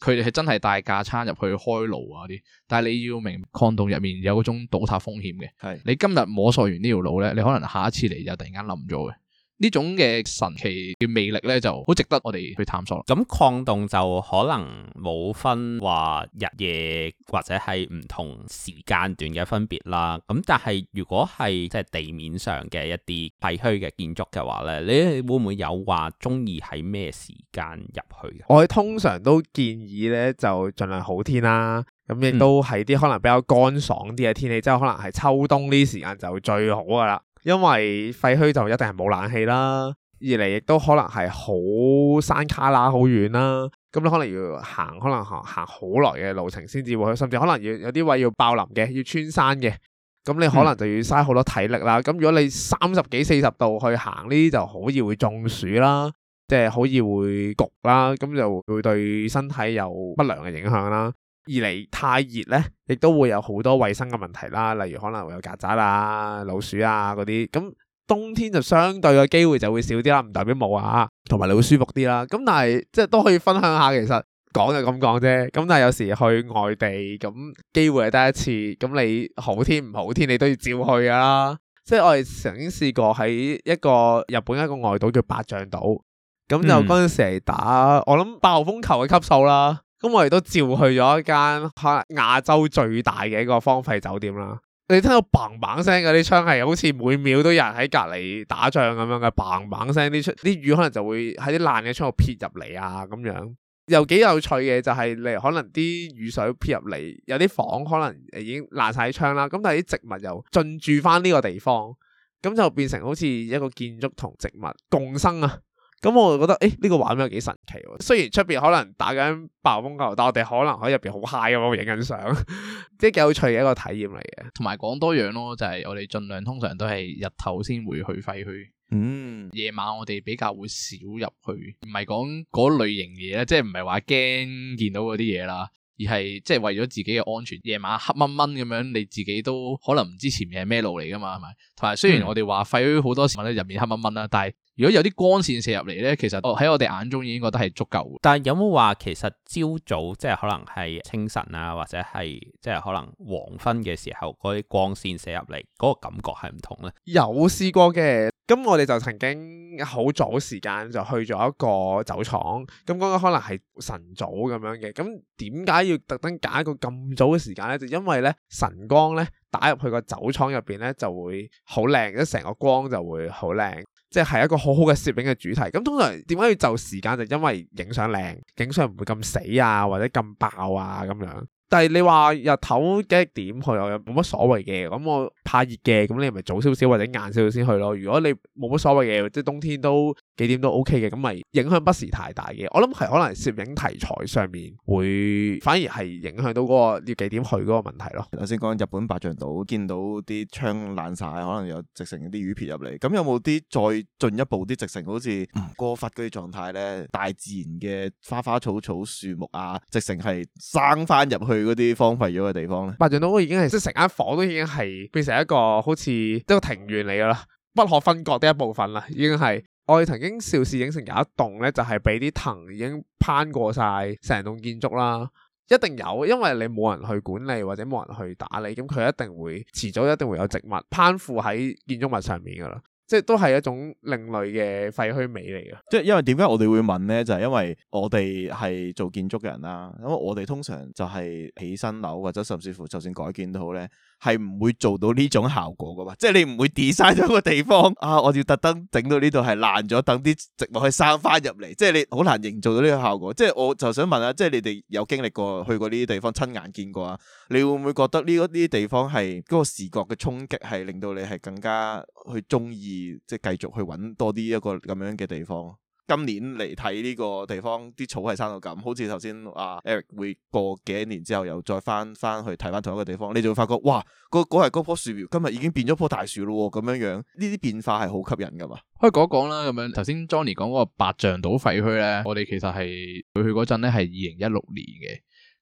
佢哋係真係帶架撐入去開路啊啲，但係你要明礦洞入面有種倒塌風險嘅，係你今日摸索完呢條路咧，你可能下一次嚟就突然間冧咗嘅。呢種嘅神奇嘅魅力咧，就好值得我哋去探索。咁礦洞就可能冇分話日夜或者係唔同時間段嘅分別啦。咁但係如果係即係地面上嘅一啲廢墟嘅建築嘅話咧，你會唔會有話鍾意喺咩時間入去？我哋通常都建議咧，就儘量好天啦，咁亦都係啲可能比較乾爽啲嘅天氣，即係、嗯、可能係秋冬呢時間就最好㗎喇。因為廢墟就一定係冇冷氣啦，二嚟亦都可能係好山卡拉、好遠啦，咁你可能要行，可能行行好耐嘅路程先至會去，甚至可能要有啲位要爆林嘅，要穿山嘅，咁你可能就要嘥好多體力啦。咁、嗯、如果你三十幾四十度去行呢，啲，就好易會中暑啦，即係好易會焗啦，咁就會對身體有不良嘅影響啦。二嚟太熱咧，亦都會有好多衛生嘅問題啦，例如可能會有曱甴啊、老鼠啊嗰啲。咁冬天就相對嘅機會就會少啲啦，唔代表冇啊，同埋你會舒服啲啦。咁但係即係都可以分享下，其實講就咁講啫。咁但係有時去外地，咁機會係得一次，咁你好天唔好天，你都要照去噶啦。即係我哋曾經試過喺一個日本一個外島叫八丈島，咁就嗰陣時嚟打、嗯、我諗八號風球嘅級數啦。咁我哋都照去咗一間可能亞洲最大嘅一個荒廢酒店啦。你聽到砰砰聲，嗰啲窗係好似每秒都有人喺隔離打仗咁樣嘅。砰砰聲，啲窗啲雨可能就會喺啲爛嘅窗度撇入嚟啊，咁樣。又幾有趣嘅就係、例如、你可能啲雨水撇入嚟，有啲房可能已經爛晒窗啦。咁但係啲植物又進駐翻呢個地方，咁就變成好似一個建築同植物共生啊！咁我就覺得誒呢、這個玩面幾神奇喎？雖然出邊可能打緊暴風球，但我哋可能喺入邊好嗨 i g 影緊相，即幾 有趣嘅一個體驗嚟嘅。同埋講多樣咯，就係、是、我哋儘量通常都係日頭先會去廢墟，嗯，夜晚我哋比較會少入去。唔係講嗰類型嘢咧，即唔係話驚見到嗰啲嘢啦，而係即為咗自己嘅安全。夜晚黑掹掹咁樣，你自己都可能唔知前面係咩路嚟噶嘛，係咪？同埋雖然我哋話廢墟好多時咧入、嗯、面黑掹蚊啦，但係。如果有啲光線射入嚟咧，其實哦喺我哋眼中已經覺得係足夠。但係有冇話其實朝早即係可能係清晨啊，或者係即係可能黃昏嘅時候嗰啲光線射入嚟，嗰個感覺係唔同咧？有試過嘅，咁我哋就曾經好早時間就去咗一個酒廠，咁嗰個可能係晨早咁樣嘅。咁點解要特登揀一個咁早嘅時間咧？就因為咧晨光咧打入去個酒廠入邊咧就會好靚，即係成個光就會好靚。即係一個好好嘅攝影嘅主題，咁通常點解要就時間？就因為影相靚，影相唔會咁死啊，或者咁爆啊咁樣。但係你話日頭幾點去又冇乜所謂嘅，咁我怕熱嘅，咁你咪早少少或者晏少少先去咯。如果你冇乜所謂嘅，即係冬天都幾點都 O K 嘅，咁咪影響不時太大嘅。我諗係可能攝影題材上面會反而係影響到嗰個要幾點去嗰個問題咯。頭先講日本白象島見到啲窗爛晒，可能有直成啲雨撇入嚟。咁有冇啲再進一步啲直成好似吳哥窟嘅狀態咧？大自然嘅花花草草、樹木啊，直成係生返入去。嗰啲荒廢咗嘅地方咧，八丈島已經係即係成間房都已經係變成一個好似一個庭園嚟噶啦，不可分割的一部分啦。已經係我哋曾經邵氏影城，有一棟咧，就係俾啲藤已經攀過晒成棟建築啦。一定有，因為你冇人去管理或者冇人去打理，咁佢一定會遲早一定會有植物攀附喺建築物上面噶啦。即係都係一種另類嘅廢墟美嚟嘅，即係因為點解我哋會問咧？就係、是、因為我哋係做建築嘅人啦、啊，因為我哋通常就係起新樓或者甚至乎就算改建都好咧。係唔會做到呢種效果噶嘛？即係你唔會 design 咗個地方啊，我要特登整到呢度係爛咗，等啲植物去生翻入嚟。即係你好難營造到呢個效果。即係我就想問下，即係你哋有經歷過去過呢啲地方，親眼見過啊，你會唔會覺得呢啲地方係嗰個視覺嘅衝擊，係令到你係更加去中意，即係繼續去揾多啲一,一個咁樣嘅地方？今年嚟睇呢個地方，啲草係生到咁，好似頭先阿 Eric 會過幾年之後又再翻翻去睇翻同一個地方，你就會發覺哇，個嗰係嗰棵樹苗，今日已經變咗棵大樹咯咁樣樣，呢啲變化係好吸引噶嘛？可以講一講啦，咁樣頭先 Johnny 講嗰個白象島廢墟咧，我哋其實係去去嗰陣咧係二零一六年嘅，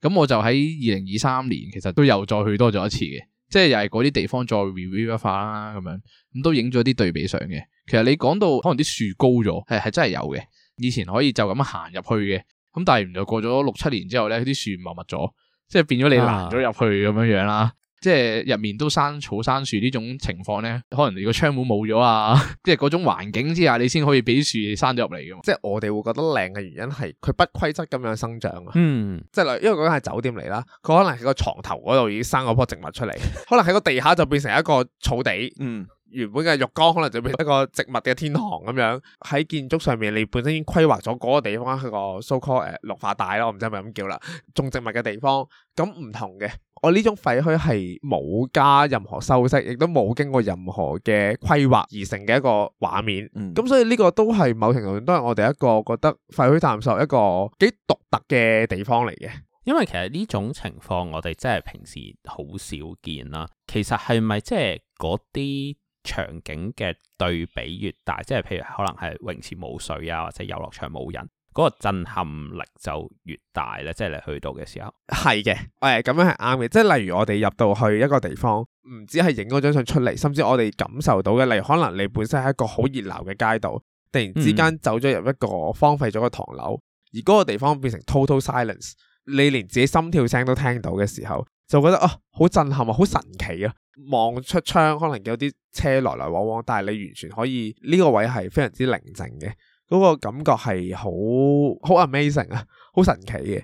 咁我就喺二零二三年其實都又再去多咗一次嘅，即係又係嗰啲地方再 review 一翻啦，咁樣咁都影咗啲對比相嘅。其實你講到可能啲樹高咗，係係真係有嘅。以前可以就咁樣行入去嘅，咁但係唔就過咗六七年之後咧，啲樹密密咗，即係變咗你難咗入去咁樣樣啦。啊、即係入面都生草、生樹呢種情況咧，可能你個窗戶冇咗啊，即係嗰種環境之下，你先可以俾樹生咗入嚟嘅嘛。即係我哋會覺得靚嘅原因係佢不規則咁樣生長啊。嗯，即係因為嗰間係酒店嚟啦，佢可能喺個床頭嗰度已經生咗棵植物出嚟，可能喺個地下就變成一個草地。嗯。原本嘅浴缸可能就變一個植物嘅天堂咁樣，喺建築上面，你本身已經規劃咗嗰個地方係，那個 so called 誒綠化帶咯，我唔知係咪咁叫啦，種植物嘅地方。咁唔同嘅，我呢種廢墟係冇加任何修飾，亦都冇經過任何嘅規劃而成嘅一個畫面。咁、嗯、所以呢個都係某程度上都係我哋一個覺得廢墟探索一個幾獨特嘅地方嚟嘅。因為其實呢種情況我哋真係平時好少見啦。其實係咪即係嗰啲？場景嘅對比越大，即係譬如可能係泳池冇水啊，或者遊樂場冇人，嗰個震撼力就越大啦。即係你去到嘅時候，係嘅，誒，咁樣係啱嘅。即係例如我哋入到去一個地方，唔止係影嗰張相出嚟，甚至我哋感受到嘅，例如可能你本身喺一個好熱鬧嘅街道，突然之間、嗯、走咗入一個荒廢咗嘅唐樓，而嗰個地方變成 total silence，你連自己心跳聲都聽到嘅時候，就覺得哦，好震撼啊，好神奇啊！望出窗，可能有啲車來來往往，但係你完全可以呢個位係非常之寧靜嘅，嗰個感覺係好好 amazing 啊，好神奇嘅，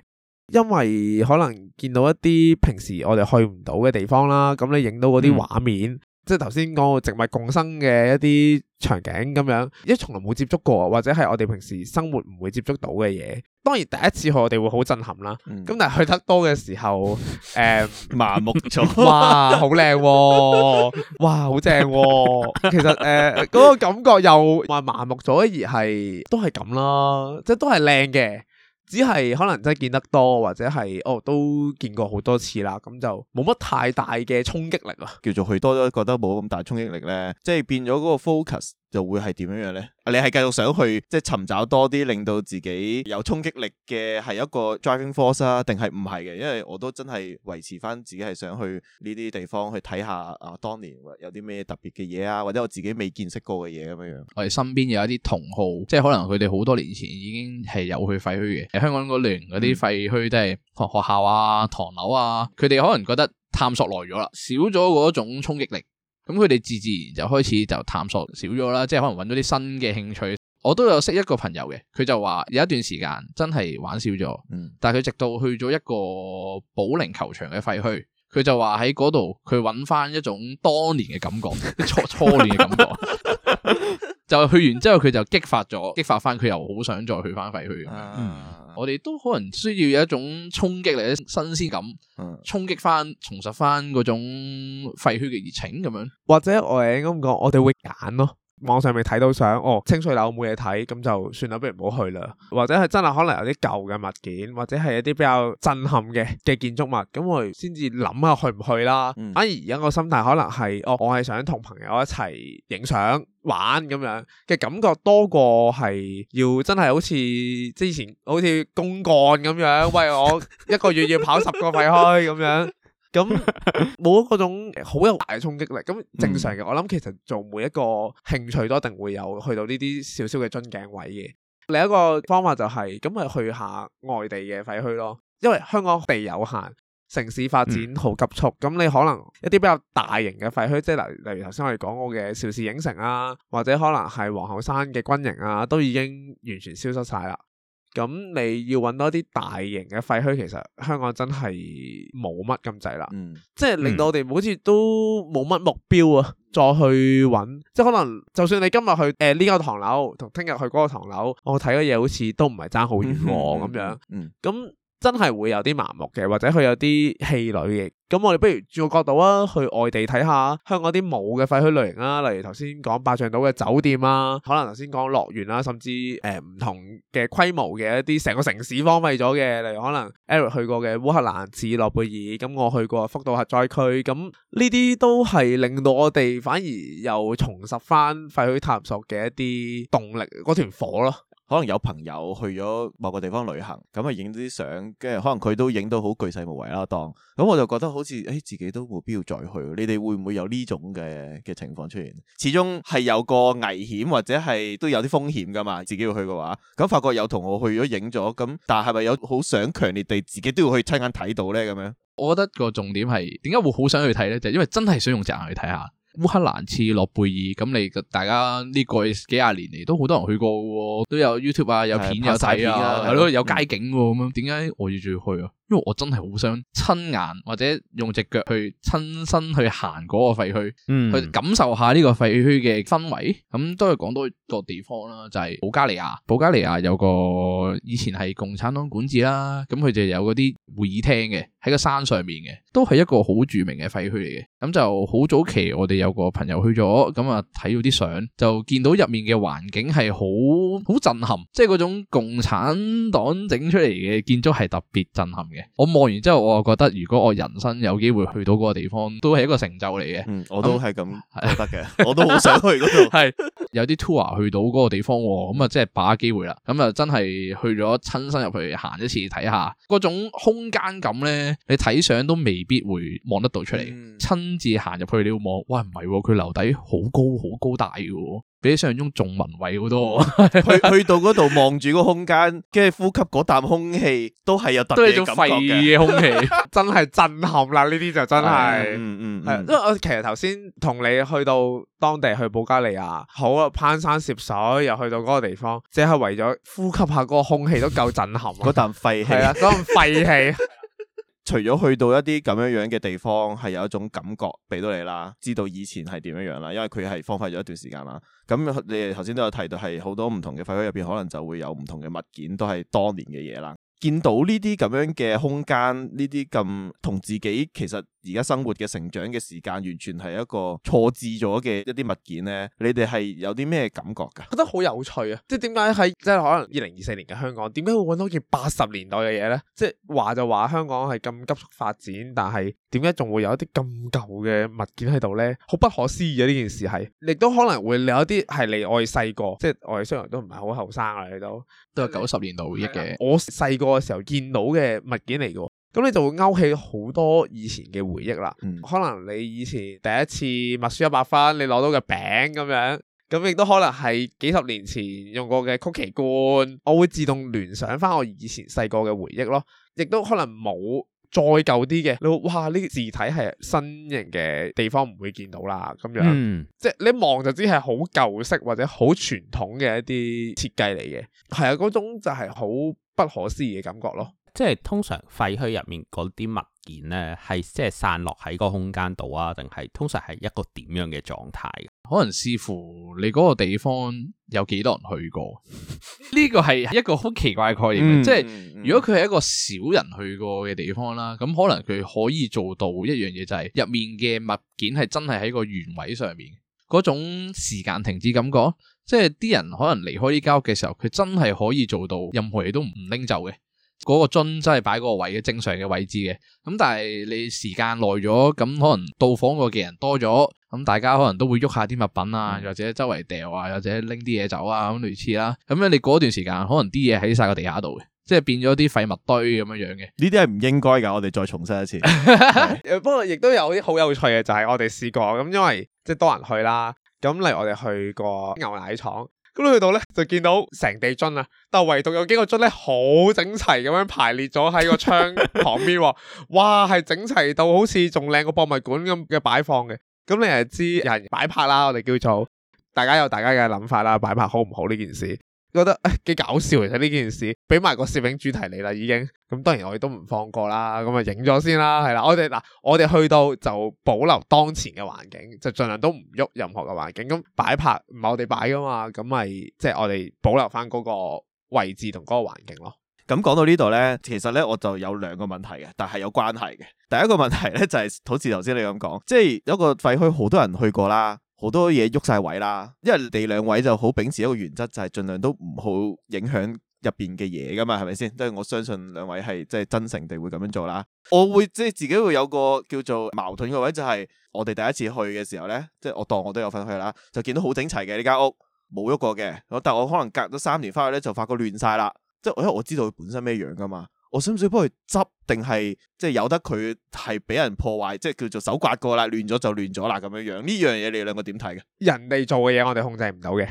因為可能見到一啲平時我哋去唔到嘅地方啦，咁你影到嗰啲畫面。嗯即係頭先講個植物共生嘅一啲場景咁樣，一家從來冇接觸過，或者係我哋平時生活唔會接觸到嘅嘢。當然第一次去我哋會好震撼啦。咁、嗯、但係去得多嘅時候，誒、 嗯、麻木咗、啊。哇，好靚喎！哇，好正喎！其實誒嗰、呃那個感覺又唔係麻木咗，而係都係咁啦，即係都係靚嘅。只係可能真係見得多，或者係哦都見過好多次啦，咁就冇乜太大嘅衝擊力啊，叫做去多都覺得冇咁大衝擊力呢，即係變咗嗰個 focus。就會係點樣樣咧？你係繼續想去即係尋找多啲令到自己有衝擊力嘅係一個 driving force 啊？定係唔係嘅？因為我都真係維持翻自己係想去呢啲地方去睇下啊，當年有啲咩特別嘅嘢啊，或者我自己未見識過嘅嘢咁樣樣。我哋身邊有一啲同好，即係可能佢哋好多年前已經係有去廢墟嘅。香港嗰啲嗰啲廢墟即係、嗯、學校啊、唐樓啊，佢哋可能覺得探索耐咗啦，少咗嗰種衝擊力。咁佢哋自自然就開始就探索少咗啦，即係可能揾咗啲新嘅興趣。我都有識一個朋友嘅，佢就話有一段時間真係玩少咗。嗯，但係佢直到去咗一個保齡球場嘅廢墟。佢就話喺嗰度，佢揾翻一種當年嘅感覺，初初年嘅感覺。 就去完之後，佢就激發咗，激發翻，佢又好想再去翻廢墟咁樣。啊、我哋都可能需要有一種衝擊嚟嘅新鮮感，衝擊翻、重拾翻嗰種廢墟嘅熱情咁樣。或者我係咁講，我哋會揀咯。網上面睇到相，哦，清水樓冇嘢睇，咁就算啦，不如唔好去啦。或者係真係可能有啲舊嘅物件，或者係一啲比較震撼嘅嘅建築物，咁我哋先至諗下去唔去啦。嗯、反而而家個心態可能係，哦，我係想同朋友一齊影相玩咁樣，嘅感覺多過係要真係好似之前好似公幹咁樣，喂，我一個月要跑十個廢墟咁樣。咁冇嗰種好有大嘅衝擊力，咁正常嘅。我諗其實做每一個興趣都一定會有去到呢啲少少嘅樽頸位嘅。另一個方法就係咁咪去下外地嘅廢墟咯，因為香港地有限，城市發展好急速，咁你可能一啲比較大型嘅廢墟，即係例例如頭先我哋講過嘅邵氏影城啊，或者可能係皇后山嘅軍營啊，都已經完全消失晒啦。咁你要揾多啲大型嘅廢墟，其實香港真係冇乜咁滯啦，即係、嗯嗯、令到我哋好似都冇乜目標啊，再去揾，即係可能就算你今日去誒呢、呃這個唐樓，同聽日去嗰個唐樓，我睇嘅嘢好似都唔係爭好遠喎咁樣。嗯，咁、嗯。嗯真係會有啲麻木嘅，或者佢有啲氣餒嘅。咁我哋不如轉個角度啊，去外地睇下香港啲冇嘅廢墟類型啦，例如頭先講八丈島嘅酒店啊，可能頭先講樂園啦，甚至誒呃、唔同嘅規模嘅一啲成個城市荒廢咗嘅，例如可能 Eric 去過嘅烏克蘭切爾諾貝爾，咁我去過福島核災區，咁呢啲都係令到我哋反而又重拾翻廢墟探索嘅一啲動力，嗰團火咯。可能有朋友去咗某個地方旅行，咁啊影啲相，跟住可能佢都影到好巨細無遺啦。當咁我就覺得好似誒、哎、自己都冇必要再去。你哋會唔會有呢種嘅嘅情況出現？始終係有個危險或者係都有啲風險噶嘛，自己要去嘅話，咁發覺有同學去咗影咗，咁但係咪有好想強烈地自己都要去親眼睇到咧？咁樣，我覺得個重點係點解會好想去睇咧？就係、因為真係想用隻眼去睇下。烏克蘭切爾諾貝爾咁，你大家呢個幾十年嚟都好多人去過嘅喎，都有 YouTube 啊，有片有睇啊，係咯、啊啊，有街景喎，咁點解我仲要去啊？嗯因為我真係好想親眼或者用隻腳去親身去行嗰個廢墟，嗯、去感受下呢個廢墟嘅氛圍。咁都係講多個地方啦，就係保加利亞。保加利亞有個以前係共產黨管治啦，咁佢就有嗰啲會議廳嘅，喺個山上面嘅，都係一個好著名嘅廢墟嚟嘅。咁就好早期我哋有個朋友去咗，咁啊，睇到啲相，就見到入面嘅環境係好好震撼，即係嗰種共產黨整出嚟嘅建築係特別震撼嘅。我望完之後，我又覺得如果我人生有機會去到嗰個地方，都係一個成就嚟嘅。嗯，我都係咁，係得嘅。我都好想去嗰度。係有啲 tour 去到嗰個地方，咁啊，即係把握機會啦。咁啊，真係去咗親身入去行一次睇下，嗰種空間感咧，你睇相都未必會望得到出嚟。嗯，親自行入去，你要望，哇，唔係，啊，佢樓底好高，好高大嘅。比想象中仲文偉好多 去，去去到嗰度望住個空間，跟住呼吸嗰啖空氣都係有特別嘅感覺，嗰種廢嘅空氣， 真係震撼啦！呢啲就真係，嗯，嗯嗯，係，因為我其實頭先同你去到當地去保加利亞，好啊，攀山涉水又去到嗰個地方，即係為咗呼吸下嗰個空氣都夠震撼，嗰啖廢氣啊，嗰啖廢氣。除咗去到一啲咁樣樣嘅地方，係有一種感覺俾到你啦，知道以前係點樣樣啦，因為佢係荒廢咗一段時間啦。咁你哋頭先都有提到，係好多唔同嘅廢墟入面，可能就會有唔同嘅物件，都係當年嘅嘢啦。見到呢啲咁樣嘅空間，呢啲咁同自己其實，而家生活嘅成長嘅時間，完全係一個錯置咗嘅一啲物件咧。你哋係有啲咩感覺噶？覺得好有趣啊！即係點解喺即係可能二零二四年嘅香港，點解會揾到件八十年代嘅嘢咧？即係話就話香港係咁急速發展，但係點解仲會有一啲咁舊嘅物件喺度咧？好不可思議啊！呢件事係亦都可能會有一啲係你我哋細個，即係我哋雖然都唔係好後生啊，你都都係九十年代回憶嘅。我細個嘅時候見到嘅物件嚟㗎。咁你就會勾起好多以前嘅回憶啦。嗯、可能你以前第一次默書一百分，你攞到嘅餅咁樣，咁亦都可能係幾十年前用過嘅曲奇罐。我會自動聯想翻我以前細個嘅回憶咯。亦都可能冇再舊啲嘅，你會哇，呢啲字體係新型嘅地方唔會見到啦。咁樣，嗯、即係你一望就知係好舊式或者好傳統嘅一啲設計嚟嘅。係啊，嗰種就係好不可思議嘅感覺咯。即係通常廢墟入面嗰啲物件呢，係即係散落喺個空間度啊，定係通常係一個點樣嘅狀態？可能視乎你嗰個地方有幾多人去過，呢 個係一個好奇怪嘅概念。嗯、即係如果佢係一個少人去過嘅地方啦，咁、嗯嗯、可能佢可以做到一樣嘢，就是，就係入面嘅物件係真係喺個原位上面，嗰種時間停止感覺。即係啲人可能離開呢間屋嘅時候，佢真係可以做到任何嘢都唔拎走嘅。嗰個樽真係擺嗰個位嘅正常嘅位置嘅，咁但係你時間耐咗，咁可能到訪過嘅人多咗，咁大家可能都會喐下啲物品啊，或者周圍掉啊，或者拎啲嘢走啊，咁類似啦。咁樣你嗰段時間可能啲嘢喺晒個地下度嘅，即係變咗啲廢物堆咁樣樣嘅。呢啲係唔應該噶，我哋再重申一次。不過亦都有啲好有趣嘅就係我哋試過咁，因為即係多人去啦，咁例如我哋去過牛奶廠。咁咧去到咧就見到成地樽啊，但係唯獨有幾個樽咧好整齊咁樣排列咗喺個窗旁邊喎， 哇係整齊到好似仲靚過博物館咁嘅擺放嘅。咁你係知有人擺拍啦，我哋叫做大家有大家嘅諗法啦，擺拍好唔好呢件事？覺得誒幾搞笑其實呢件事，俾埋個攝影主題你啦已經，咁當然我哋都唔放過啦，咁啊影咗先啦，係啦，我哋嗱我哋去到就保留當前嘅環境，就盡量都唔喐任何嘅環境，咁擺拍，唔係我哋擺噶嘛，咁咪即係我哋保留翻嗰個位置同嗰個環境咯。咁講到呢度咧，其實咧我就有兩個問題嘅，但係有關係嘅。第一個問題咧就係、是、好似頭先你咁講，即係有一個廢墟，好多人去過啦。好多嘢喐晒位啦，因為你哋兩位就好秉持一個原則，就係盡量都唔好影響入邊嘅嘢噶嘛，係咪先？即係我相信兩位係即係真誠地會咁樣做啦。我會即係自己會有個叫做矛盾嘅位，就係我哋第一次去嘅時候咧，即係我當我都有份去啦，就見到好整齊嘅呢間屋，冇喐過嘅。但係我可能隔咗三年翻去咧，就發覺亂晒啦。即我因為我知道佢本身咩樣噶嘛。我使唔使幫佢執？定係即係由得佢係俾人破壞？即係叫做手刮過啦，亂咗就亂咗啦，咁樣樣呢樣嘢你哋兩個點睇嘅？人哋做嘅嘢我哋控制唔到嘅，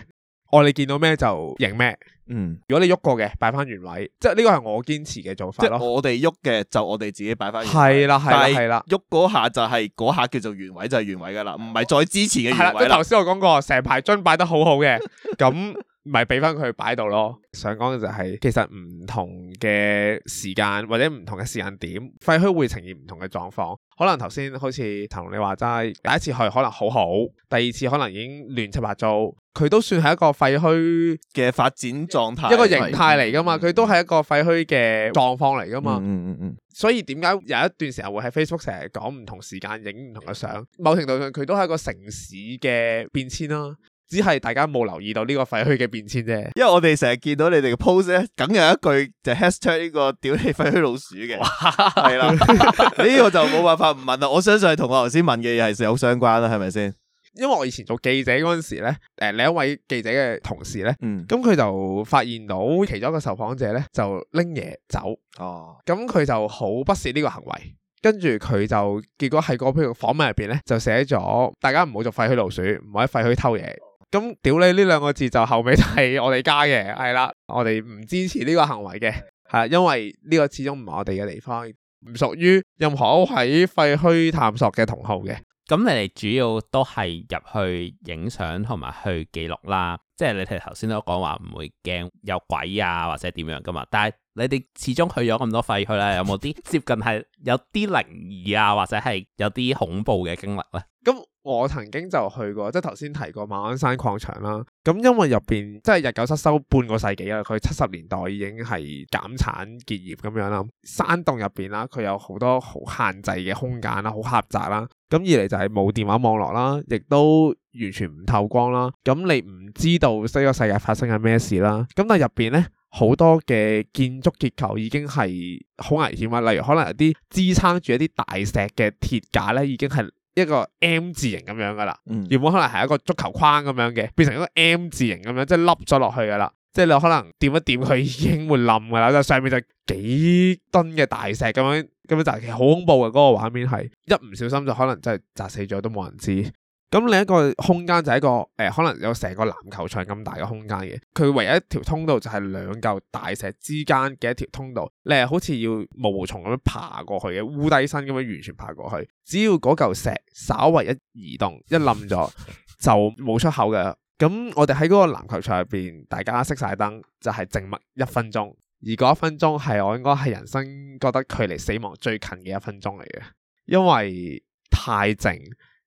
我哋見到咩就認咩。嗯，如果你喐過嘅，擺翻原位，即係呢個係我堅持嘅做法。我哋喐嘅就我哋自己擺翻原位。係啦係啦係啦，喐嗰下就係、是、嗰下叫做原位就係原位噶啦，唔係再之前嘅原位啦。頭先、就是、我講過，成排樽擺得好好嘅，咁。 唔係俾翻佢擺度咯。想講嘅就係其實唔同嘅時間或者唔同嘅時間點，廢墟會呈現唔同嘅狀況。可能頭先好似同你話齋，第一次去可能好好，第二次可能已經亂七八糟。佢都算係一個廢墟嘅發展狀態，一個形態嚟㗎嘛。佢都係一個廢墟嘅狀況嚟㗎嘛。嗯，嗯嗯嗯。所以點解有一段時間會喺 Facebook 成日講唔同時間影唔同嘅相？某程度上，佢都係一個城市嘅變遷啦、啊。只係大家冇留意到呢個廢墟嘅變遷啫，因為我哋成日見到你哋嘅 post 咧，梗有一句就 hashtag、是、呢、呢個屌你廢墟老鼠嘅，係哇 是啦，呢 個就冇辦法唔問啦。我相信係同我頭先問嘅嘢係有相關啦，係咪先？因為我以前做記者嗰陣時咧，誒、呃，另一位記者嘅同事咧，嗯，咁佢、嗯、就發現到其中一個受訪者咧就拎嘢走，哦，咁佢就好不屑呢個行為，跟住佢就結果喺個譬如訪問入邊咧就寫咗，大家唔好做廢墟老鼠，唔好喺廢墟偷嘢。咁屌你呢兩個字就後尾就係我哋加嘅，係啦，我哋唔支持呢個行為嘅，係因為呢個始終唔係我哋嘅地方，唔屬於任何喺廢墟探索嘅同好嘅。咁你哋主要都係入去影相同埋去記錄啦，即係你哋頭先都講話唔會驚有鬼啊或者點樣㗎嘛，但係，你哋始終去咗咁多廢墟咧，有冇啲接近係有啲靈異啊，或者係有啲恐怖嘅經歷咧？咁我曾經就去過，即係頭先提過馬鞍山礦場啦。咁因為入邊即係日久失修半個世紀啊，佢七十年代已經係減產結業咁樣啦。山洞入邊啦，佢有好多好限制嘅空間啦，好狹窄啦。咁二嚟就係冇電話網絡啦，亦都完全唔透光啦。咁你唔知道西側世界發生緊咩事啦。咁但入邊咧。好多嘅建築結構已經係好危險啊，例如可能有啲支撐住一啲大石嘅鐵架咧，已經係一個 M 字形咁樣噶啦，嗯、原本可能係一個足球框咁樣嘅，變成一個 M 字形咁樣，即係凹咗落去噶啦，即係你可能掂一掂佢已經會冧噶啦，就上面就幾噸嘅大石咁樣咁樣砸，其實好恐怖嘅，嗰、嗰個畫面係一唔小心就可能真係砸死咗都冇人知。咁另一個空間就係一個誒、呃，可能有成個籃球場咁大嘅空間嘅，佢唯一一條通道就係兩嚿大石之間嘅一條通道，你係好似要毛毛蟲咁樣爬過去嘅，烏低身咁樣完全爬過去，只要嗰嚿石稍為一移動一冧咗就冇出口嘅。咁我哋喺嗰個籃球場入邊，大家熄晒燈，就係、是、靜默一分鐘，而嗰一分鐘係我應該係人生覺得距離死亡最近嘅一分鐘嚟嘅，因為太靜。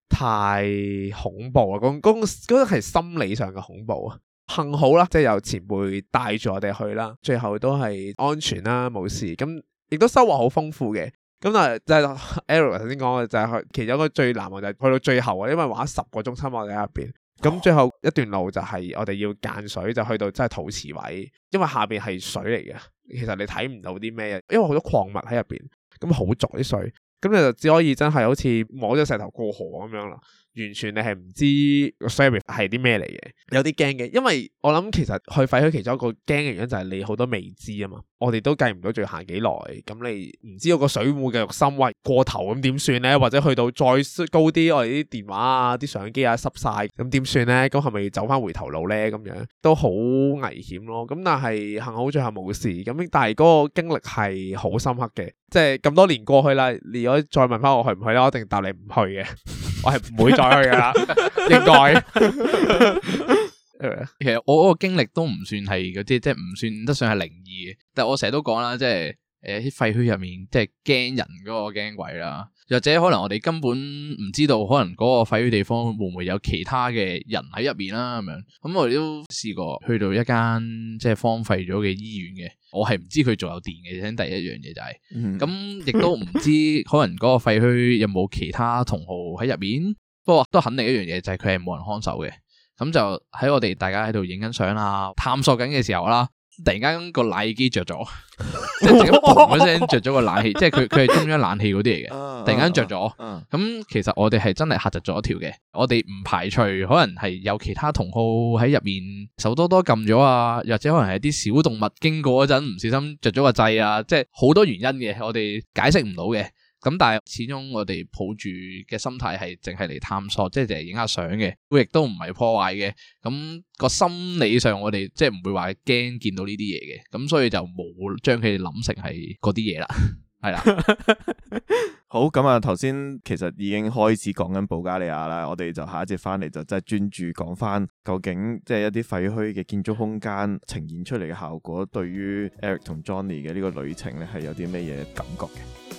太恐怖啊！咁、那、嗰個嗰係、那個那個、心理上嘅恐怖啊。幸好啦，即係有前輩帶住我哋去啦，最後都係安全啦、啊，冇事。咁亦都收穫好豐富嘅。咁啊，就 Eric 頭先講嘅就係、是、其中一個最難忘就係去到最後啊，因為玩十個鐘親我哋喺入邊。咁最後一段路就係我哋要間水，就去到真係肚臍位，因為下邊係水嚟嘅。其實你睇唔到啲咩，因為好多礦物喺入邊，咁好濁啲水。咁你就只可以真係好似摸咗石頭過河咁樣啦。完全你係唔知 service 係啲咩嚟嘅，有啲驚嘅，因為我諗其實去廢墟其中一個驚嘅原因就係你好多未知啊嘛，我哋都計唔到仲要行幾耐，咁你唔知道個水壺嘅肉心威過頭咁點算呢？或者去到再高啲，我哋啲電話啊、啲相機啊濕晒咁點算呢？咁係咪走翻回頭路呢？咁樣都好危險咯。咁但係幸好最後冇事，咁但係嗰個經歷係好深刻嘅，即係咁多年過去啦。你如果再問翻我去唔去咧，我一定答你唔去嘅。 我係唔會再去㗎啦，應該。其實我嗰個經歷都唔算係嗰啲，即係唔算得上係靈異嘅。但我成日都講啦，即係。誒，啲廢、呃、墟入面即係驚人嗰個驚鬼啦，或者可能我哋根本唔知道，可能嗰個廢墟地方會唔會有其他嘅人喺入面啦，咁樣、嗯，咁我哋都試過去到一間即係荒廢咗嘅醫院嘅，我係唔知佢仲有電嘅，先第一樣嘢就係、是，咁亦都唔知可能嗰個廢墟有冇其他同好喺入面，不過 都肯定一樣嘢就係佢係冇人看守嘅，咁就喺我哋大家喺度影緊相啊，探索緊嘅時候啦、啊。突然間個冷氣機着咗， 即係突然間嘣一聲着咗個冷氣，即係佢佢係中央冷氣嗰啲嚟嘅。突然間着咗，咁 其實我哋係真係吓窒咗一條嘅。我哋唔排除可能係有其他同好喺入面手多多撳咗啊，或者可能係啲小動物經過嗰陣唔小心着咗個掣啊，即係好多原因嘅，我哋解釋唔到嘅。咁但係始終我哋抱住嘅心態係淨係嚟探索，即係淨係影下相嘅，亦都唔係破壞嘅。咁個心理上我哋即係唔會話驚見到呢啲嘢嘅，咁所以就冇將佢哋諗成係嗰啲嘢啦。係 啦了， 好。咁啊，頭先其實已經開始講緊保加利亞啦，我哋就下一節翻嚟就真係專注講翻究竟即係一啲廢墟嘅建築空間呈現出嚟嘅效果，對於 Eric 同 Johnny 嘅呢個旅程咧，係有啲咩嘢感覺嘅。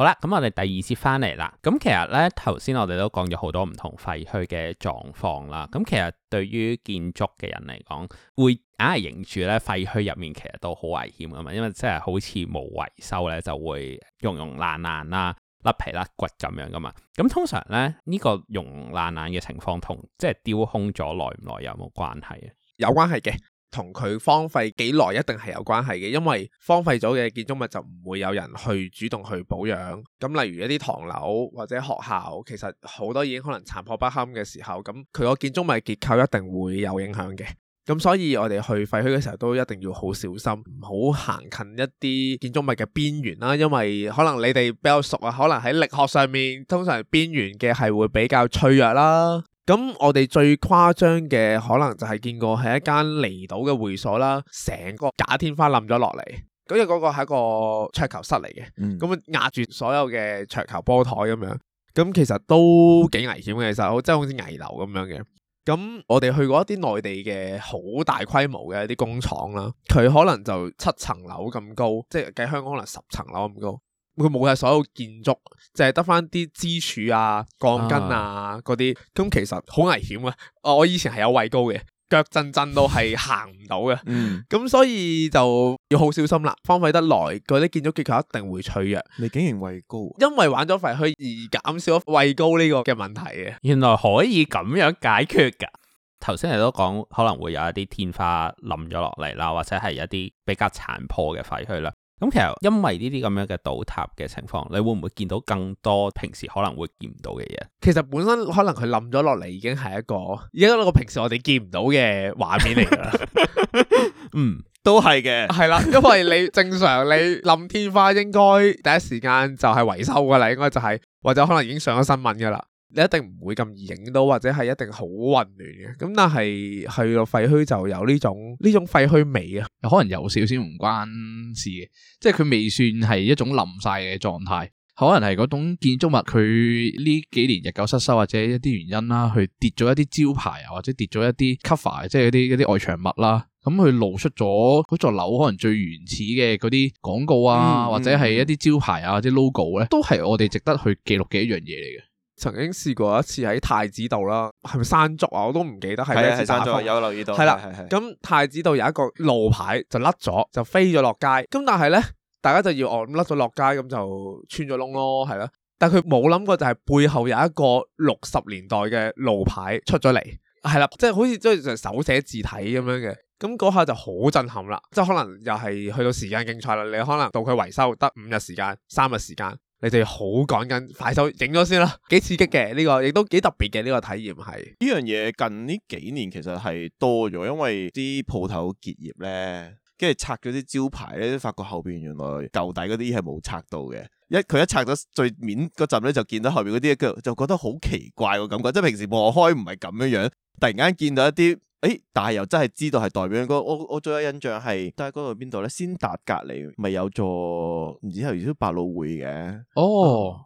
好啦，咁我哋第二節翻嚟啦。咁其實咧，頭先我哋都講咗好多唔同廢墟嘅狀況啦。咁其實對於建築嘅人嚟講，會硬係認住咧廢墟入面，其實都好危險噶嘛。因為即係好似冇維修咧，就會溶溶爛爛啦，甩皮甩骨咁樣噶嘛。咁通常咧呢，呢個溶溶爛爛嘅情況，同即係丟空咗耐唔耐有冇關係啊？有關係嘅。同佢荒廢幾耐一定係有關係嘅，因為荒廢咗嘅建築物就唔會有人去主動去保養。咁例如一啲唐樓或者學校，其實好多已經可能殘破不堪嘅時候，咁佢個建築物結構一定會有影響嘅。咁所以我哋去廢墟嘅時候都一定要好小心，唔好行近一啲建築物嘅邊緣啦，因為可能你哋比較熟啊，可能喺力學上面，通常邊緣嘅係會比較脆弱啦。咁我哋最誇張嘅可能就係見過係一間離島嘅會所啦，成個假天花冧咗落嚟，咁因嗰個係一個桌球室嚟嘅，咁啊壓住所有嘅桌球波台咁樣，咁其實都幾危險嘅，其實好即係好似危樓咁樣嘅。咁我哋去過一啲內地嘅好大規模嘅一啲工廠啦，佢可能就七層樓咁高，即係計香港可能十層樓咁高。佢冇晒所有建築，淨係得翻啲支柱啊、鋼筋啊嗰啲，咁、啊、其實好危險嘅。我以前係有畏高嘅，腳震震到係行唔到嘅。咁、嗯、所以就要好小心啦。荒廢得耐，嗰啲建築結構一定會脆弱。你竟然畏高，因為玩咗廢墟而減少畏高呢個嘅問題啊。原來可以咁樣解決噶。頭先係都講可能會有一啲天花冧咗落嚟啦，或者係一啲比較殘破嘅廢墟啦。咁其實因為呢啲咁樣嘅倒塌嘅情況，你會唔會見到更多平時可能會見唔到嘅嘢？其實本身可能佢冧咗落嚟已經係一個，已經係一個平時我哋見唔到嘅畫面嚟噶。 嗯，都係嘅，係啦，因為你正常 你冧天花應該第一時間就係維修噶啦，應該就係、是、或者可能已經上咗新聞噶啦。你一定唔會咁易影到，或者係一定好混亂嘅。咁但係去到廢墟就有呢種呢種廢墟味啊，可能有少少唔關事嘅，即係佢未算係一種冧晒嘅狀態，可能係嗰種建築物佢呢幾年日久失修或者一啲原因啦，佢跌咗一啲招牌啊，或者跌咗一啲 cover，即係嗰啲啲外牆物啦，咁佢露出咗嗰座樓可能最原始嘅嗰啲廣告啊，嗯、或者係一啲招牌啊，或者 logo 咧，都係我哋值得去記錄嘅一樣嘢嚟嘅。曾經試過一次喺太子道啦，係咪山竹啊？我都唔記得係一次打風。有留意到。係啦，係，咁係，太子道有一個路牌就甩咗，就飛咗落街。咁但係咧，大家就要哦甩咗落街，咁就穿咗窿咯，係啦。但係佢冇諗過就係背後有一個六十年代嘅路牌出咗嚟，係啦，即係好似即係就手寫字體咁樣嘅。咁嗰下就好震撼啦，即係可能又係去到時間競賽啦，你可能到佢維修得五日時間、三日時間。你哋好趕緊快手整咗先啦，幾刺激嘅呢個，亦都幾特別嘅呢個體驗係。呢樣嘢近呢幾年其實係多咗，因為啲鋪頭結業咧，跟住拆咗啲招牌咧，都發覺後邊原來舊底嗰啲係冇拆到嘅。一佢一拆咗最面嗰陣咧，就見到後邊嗰啲，就就覺得好奇怪個感覺，即係平時望開唔係咁樣樣，突然間見到一啲。誒、哎，但係又真係知道係代表個，我我最有印象係，都喺嗰度邊度咧？先達隔籬咪有座唔知係唔知百老匯嘅哦，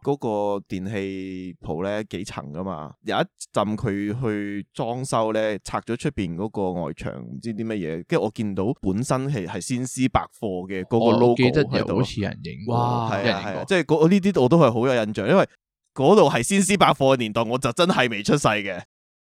嗰、啊那個電器鋪咧幾層噶嘛？有一陣佢去裝修咧，拆咗出邊嗰個外牆，唔知啲乜嘢。跟住我見到本身係係先施百貨嘅嗰個 logo 喺度，哦，好似人影。哇，係哇啊，即係呢啲我都係好有印象，因為嗰度係先施百貨嘅年代，我就真係未出世嘅。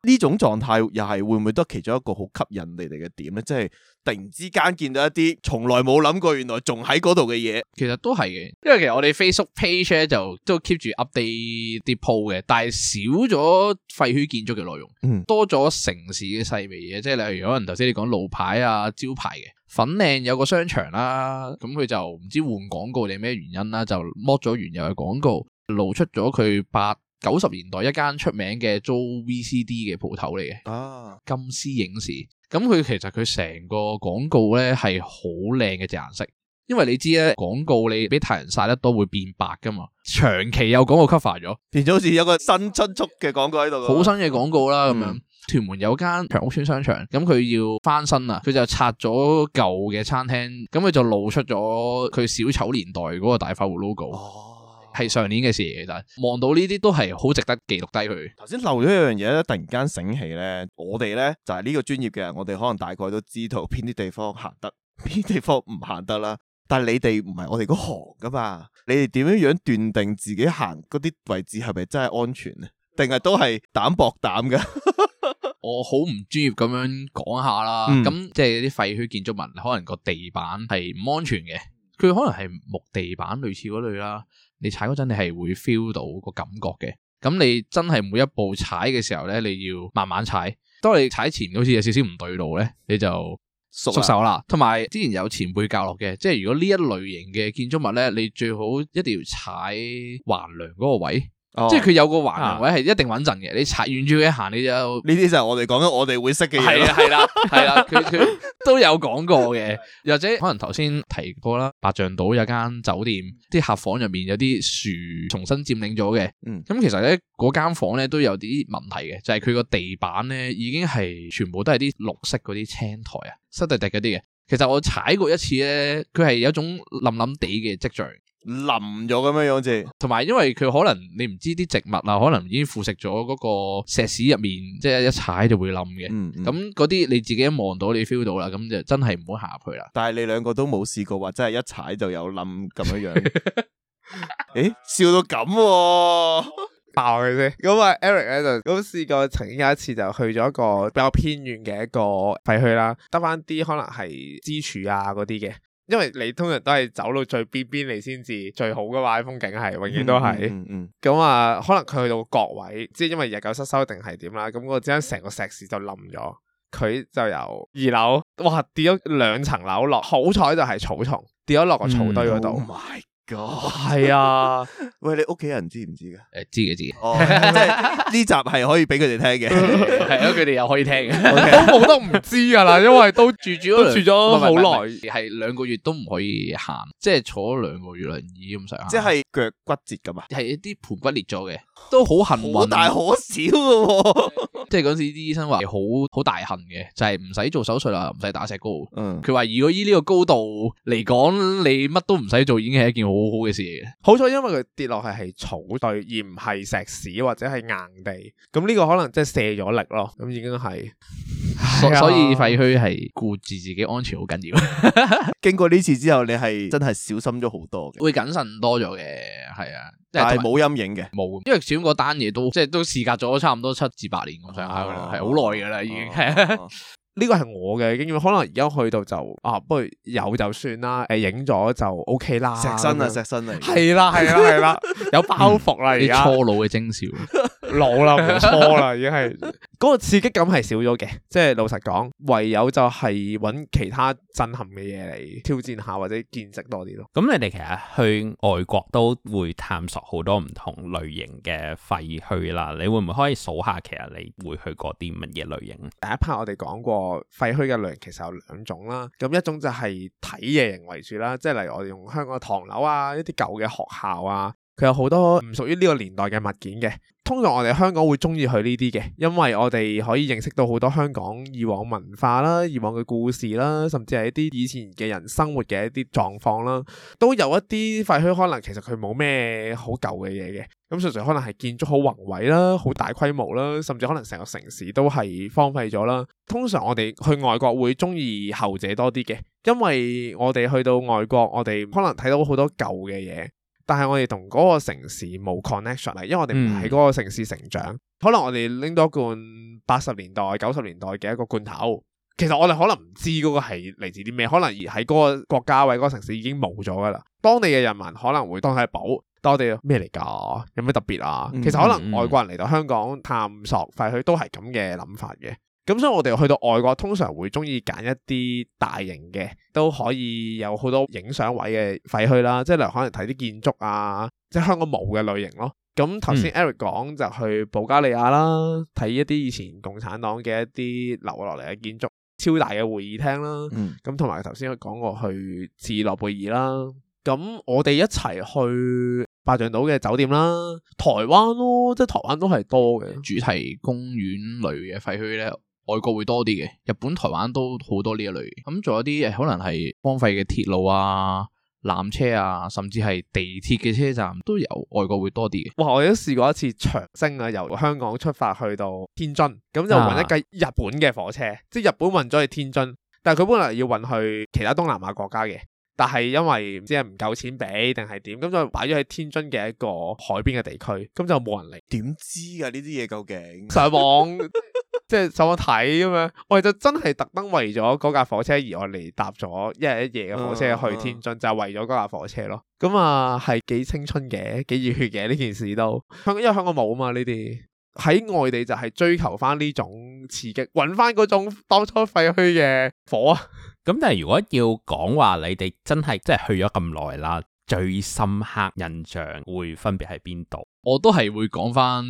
呢種狀態又係會唔會得其中一個好吸引你哋嘅點咧？即係突然之間見到一啲從來冇諗過，原來仲喺嗰度嘅嘢，其實都係嘅。因為其實我哋 Facebook page 咧就都 keep 住 update 啲鋪嘅，但係少咗廢墟建築嘅內容，嗯，多咗城市嘅細微嘢。即係例如可能頭先你講路牌啊、招牌嘅粉嶺有個商場啦、啊，咁佢就唔知換廣告定咩原因啦、啊，就剝咗原有嘅廣告，露出咗佢八。九十年代一間出名嘅租 VCD 嘅鋪頭嚟嘅，啊、金獅影視。咁佢其實佢成個廣告呢係好靚嘅隻顏色，因為你知呢廣告你俾太陽曬得多會變白噶嘛，長期有廣告 cover 咗，變咗好似有個新春促嘅廣告喺度，好新嘅廣告啦咁、嗯、樣。屯門有間長屋村商場，咁佢要翻新啊，佢就拆咗舊嘅餐廳，咁佢就露出咗佢小丑年代嗰個大快活 logo。哦係上年嘅事，但係望到呢啲都係好值得記錄低佢。頭先漏咗一樣嘢咧，突然間醒起咧，我哋咧就係呢個專業嘅人，我哋可能大概都知道邊啲地方行得，邊啲地方唔行得啦。但係你哋唔係我哋嗰行噶嘛？你哋點樣樣斷定自己行嗰啲位置係咪真係安全咧？定係都係膽薄膽噶？ 我好唔專業咁樣講下啦。咁即係啲廢墟建築物，可能個地板係唔安全嘅。佢可能係木地板類似嗰類啦，你踩嗰陣你係會 feel 到個感覺嘅。咁你真係每一步踩嘅時候咧，你要慢慢踩。當你踩前好似有少少唔對路咧，你就縮手啦。同埋之前有前輩教落嘅，即係如果呢一類型嘅建築物咧，你最好一定要踩橫梁嗰個位。哦、即係佢有個環圍係一定穩陣嘅。啊、你踩遠住佢行，你就，呢啲就係我哋講緊，我哋會識嘅嘢，係啦，係啦，佢佢都有講過嘅，或者可能頭先提過啦。白象島有間酒店，啲客房入面有啲樹重新佔領咗嘅，咁、嗯、其實咧，嗰間房咧都有啲問題嘅，就係佢個地板咧已經係全部都係啲綠色嗰啲青苔啊，濕滴滴嗰啲嘅。其實我踩過一次咧，佢係有種冧冧地嘅跡象。冧咗咁樣樣，好似同埋因為佢可能你唔知啲植物啊，可能已經腐蝕咗嗰個石屎入面，即係一踩就會冧嘅。咁嗰啲你自己一望到，你 feel 到啦，咁就真係唔好行入去啦。但係你兩個都冇試過話真係一踩就有冧咁樣樣。誒、 欸，笑到咁、啊、 爆佢先。咁啊，Eric 咧就咁試過曾經有一次就去咗一個比較偏遠嘅一個廢墟啦，得翻啲可能係支柱啊嗰啲嘅。因為你通常都係走到最邊邊，你先至最好嘅話，風景係永遠都係。咁啊，可能佢去到角位，即係因為日久失修定係點啦。咁嗰陣成個石屎就冧咗，佢就由二樓，哇，跌咗兩層樓落。好彩就係草叢跌咗落個草堆嗰度。嗯 oh 哦，係啊！喂，你屋企人知唔知噶？誒，知嘅知嘅，呢集係可以俾佢哋聽嘅，係啊，佢哋又可以聽嘅。都冇得唔知噶啦，因為都住住咗住咗好耐，係兩個月都唔可以行，即係坐咗兩個月輪椅咁上下。即係腳骨折咁啊？係一啲盆骨裂咗嘅，都好幸運，大可小。即係嗰時啲醫生話好好大幸嘅，就係唔使做手術啦，唔使打石膏。嗯，佢話如果依呢個高度嚟講，你乜都唔使做，已經係一件好。好好嘅事，好彩因為佢跌落去係草堆，而唔係石屎或者係硬地，咁呢個可能即係卸咗力咯，咁已經係， 所以廢墟係顧住自己安全好緊要。 經過呢次之後，你係真係小心咗好多嘅，會謹慎多咗嘅，係啊，但係冇陰影嘅，冇，因為選嗰單嘢，都即係都事隔咗差唔多七至八年咁上下啦，係好耐噶啦，已經。呢個係我嘅經驗，可能而家去到就啊，不過有就算啦，誒影咗就 OK 啦。石身啊，石身嚟，係啦，係啦，係啦， 有包袱啦，而家、嗯、初老嘅徵兆，老啦，唔錯啦，已經係嗰個刺激感係少咗嘅，即、就、係、是、老實講，唯有就係揾其他震撼嘅嘢嚟挑戰下或者見識多啲咯。咁、嗯、你哋其實去外國都會探索好多唔同類型嘅廢墟啦，你會唔會可以數下其實你會去過啲乜嘢類型？第一 part 我哋講過。廢墟嘅類型其實有兩種啦，咁一種就係睇嘢型為主啦，即係例如我哋用香港嘅唐樓啊，一啲舊嘅學校啊，佢有好多唔屬於呢個年代嘅物件嘅。通常我哋香港會中意去呢啲嘅，因為我哋可以認識到好多香港以往文化啦、以往嘅故事啦，甚至係一啲以前嘅人生活嘅一啲狀況啦，都有一啲廢墟，可能其實佢冇咩好舊嘅嘢嘅。咁純粹可能係建築好宏偉啦、好大規模啦，甚至可能成個城市都係荒廢咗啦。通常我哋去外國會中意後者多啲嘅，因為我哋去到外國，我哋可能睇到好多舊嘅嘢。但係我哋同嗰個城市冇 connection 啊，因為我哋唔喺嗰個城市成長，嗯、可能我哋拎到一罐八十年代、九十年代嘅一個罐頭，其實我哋可能唔知嗰個係嚟自啲咩，可能而喺嗰個國家或者嗰個城市已經冇咗噶啦。當地嘅人民可能會當係寶，當地咩嚟㗎？有咩特別啊？嗯、其實可能外國人嚟到香港探索，廢墟都係咁嘅諗法嘅。咁所以我哋去到外國，通常會中意揀一啲大型嘅，都可以有好多影相位嘅廢墟啦，即係例如可能睇啲建築啊，即係香港冇嘅類型咯。咁頭先 Eric 講、嗯、就去保加利亞啦，睇一啲以前共產黨嘅一啲留落嚟嘅建築，超大嘅會議廳啦。咁同埋頭先佢講過去切爾諾貝爾啦，咁我哋一齊去八丈島嘅酒店啦，台灣咯，即係台灣都係多嘅主題公園類嘅廢墟咧。外國會多啲嘅，日本、台灣都好多呢一類。咁、嗯、仲有啲誒，可能係荒廢嘅鐵路啊、纜車啊，甚至係地鐵嘅車站都有。外國會多啲嘅。哇！我都試過一次長征啊，由香港出發去到天津，咁就揾一架日本嘅火車，啊、即係日本運咗去天津，但係佢本來要運去其他東南亞國家嘅，但係因為唔知係唔夠錢俾定係點，咁就擺咗喺天津嘅一個海邊嘅地區，咁就冇人嚟。點知噶呢啲嘢究竟？上網。 即係想我睇咁樣，我哋就真係特登為咗嗰架火車而我哋搭咗一日一夜嘅火車去天津，嗯、就係為咗嗰架火車咯。咁、嗯、啊，係幾青春嘅，幾熱血嘅呢件事都。香因為香港冇啊嘛，呢啲喺外地就係追求翻呢種刺激，搵翻嗰種當初廢墟嘅火。咁但係如果要講話，你哋真係即係去咗咁耐啦，最深刻印象會分別喺邊度？我都係會講翻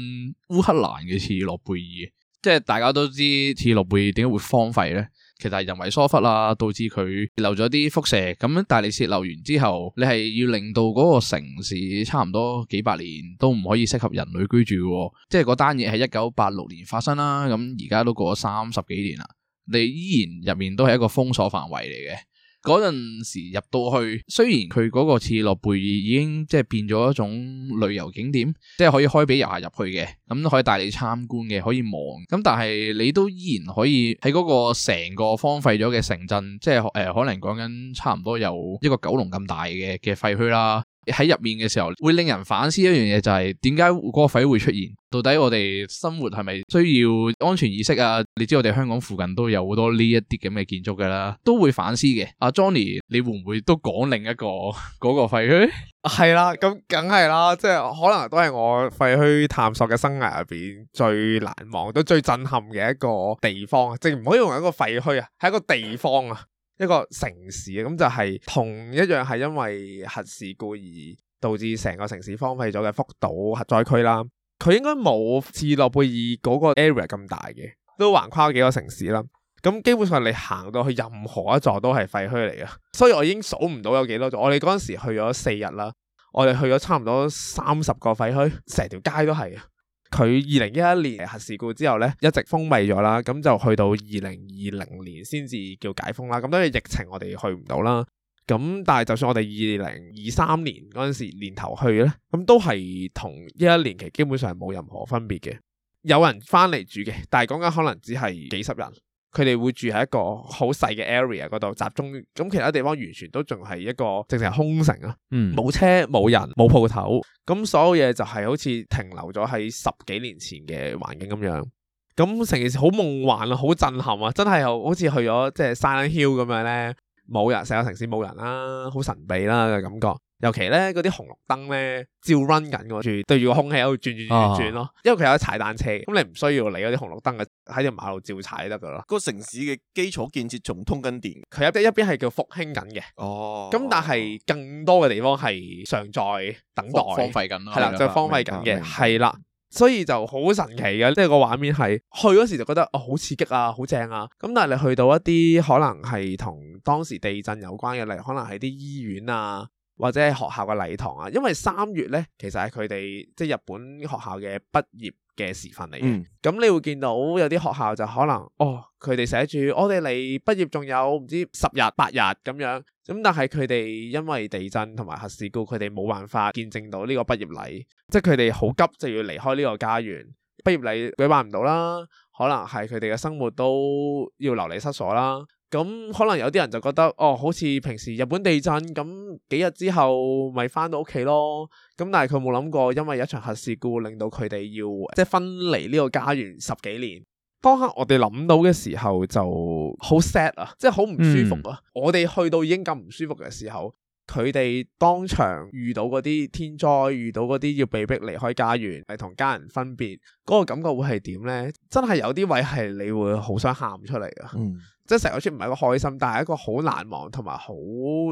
烏克蘭嘅切爾諾貝爾。即係大家都知切爾諾貝爾點解會荒廢咧？其實係人為疏忽啦，導致佢漏咗啲輻射。咁但係泄漏完之後，你係要令到嗰個城市差唔多幾百年都唔可以適合人類居住。即係嗰單嘢係一九八六年發生啦，咁而家都過咗三十幾年啦，你依然入面都係一個封鎖範圍嚟嘅。嗰陣時入到去，雖然佢嗰個切爾諾貝爾已經即係變咗一種旅遊景點，即係可以開俾遊客入去嘅，咁可以帶你參觀嘅，可以望。咁但係你都依然可以喺嗰個成個荒廢咗嘅城鎮，即係誒、呃、可能講緊差唔多有一個九龍咁大嘅嘅廢墟啦。喺入面嘅時候，會令人反思一樣嘢就係、是，點解嗰個廢墟會出現？到底我哋生活係咪需要安全意識啊？你知我哋香港附近都有好多呢一啲咁嘅建築噶啦，都會反思嘅。阿、啊、Johnny，你會唔會都講另一個嗰 個廢墟？係啦、啊，咁梗係啦，即、就、係、是、可能都係我廢墟探索嘅生涯入邊最難忘都最震撼嘅一個地方，即係唔可以用一個廢墟啊，係一個地方啊。一個城市啊，咁就係同一樣係因為核事故而導致成個城市荒廢咗嘅福島核災區啦。佢應該冇切爾諾貝爾嗰個 area 咁大嘅，都橫跨咗幾個城市啦。咁基本上你行到去任何一座都係廢墟嚟嘅，所以我已經數唔到有幾多座。我哋嗰陣時去咗四日啦，我哋去咗差唔多三十個廢墟，成條街都係啊。佢二零一一年核事故之後呢，一直封閉咗啦，咁就去到二零二零年先至叫解封啦。咁因為疫情，我哋去唔到啦。咁但係就算我哋二零二三年嗰陣時年頭去呢，咁都係同一一年期，基本上係冇任何分別嘅。有人翻嚟住嘅，但係講緊可能只係幾十人。佢哋會住喺一個好細嘅 area 嗰度集中，咁其他地方完全都仲係一個淨淨係空城啊，嗯，冇車冇人冇鋪頭，咁所有嘢就係好似停留咗喺十幾年前嘅環境咁樣，咁成件事好夢幻啊，好震撼啊，真係又好似去咗即係 Silent Hill 咁樣咧，冇人，成個城市冇人啦，好神秘啦嘅感覺。尤其咧嗰啲紅綠燈咧照 run 緊住對住個空氣喺度轉轉轉轉咯。啊、因為佢有得踩單車，咁、嗯、你唔需要嚟嗰啲紅綠燈嘅喺條馬路照踩就得嘅咯。個城市嘅基礎建設仲通緊電，佢有一邊係叫復興緊嘅，咁、哦嗯、但係更多嘅地方係尚在等待，荒廢緊，係啦，就荒、是、廢緊嘅，係啦，所以就好神奇嘅，即、這、係個畫面係去嗰時就覺得啊好、哦、刺激啊，好正啊。咁、嗯、但係你去到一啲可能係同當時地震有關嘅，例如可能係啲醫院啊。或者係學校嘅禮堂啊，因為三月咧，其實係佢哋即係日本學校嘅畢業嘅時分嚟嘅。咁、嗯、你會見到有啲學校就可能，哦，佢哋寫住我哋嚟畢業仲有唔知十日、八日咁樣。咁但係佢哋因為地震同埋核事故，佢哋冇辦法見證到呢個畢業禮，即係佢哋好急就要離開呢個家園。畢業禮舉辦唔到啦，可能係佢哋嘅生活都要流離失所啦。咁可能有啲人就覺得，哦，好似平時日本地震咁，幾日之後咪翻到屋企咯。咁但係佢冇諗過，因為一場核事故令到佢哋要即係分離呢個家園十幾年。當刻我哋諗到嘅時候就好 sad 啊，即係好唔舒服啊。嗯、我哋去到已經咁唔舒服嘅時候，佢哋當場遇到嗰啲天災，遇到嗰啲要被逼離開家園，係同家人分別，嗰、嗰個感覺會係點呢？真係有啲位係你會好想喊出嚟㗎。嗯即係成日好似唔係一個開心，但係一個好難忘同埋好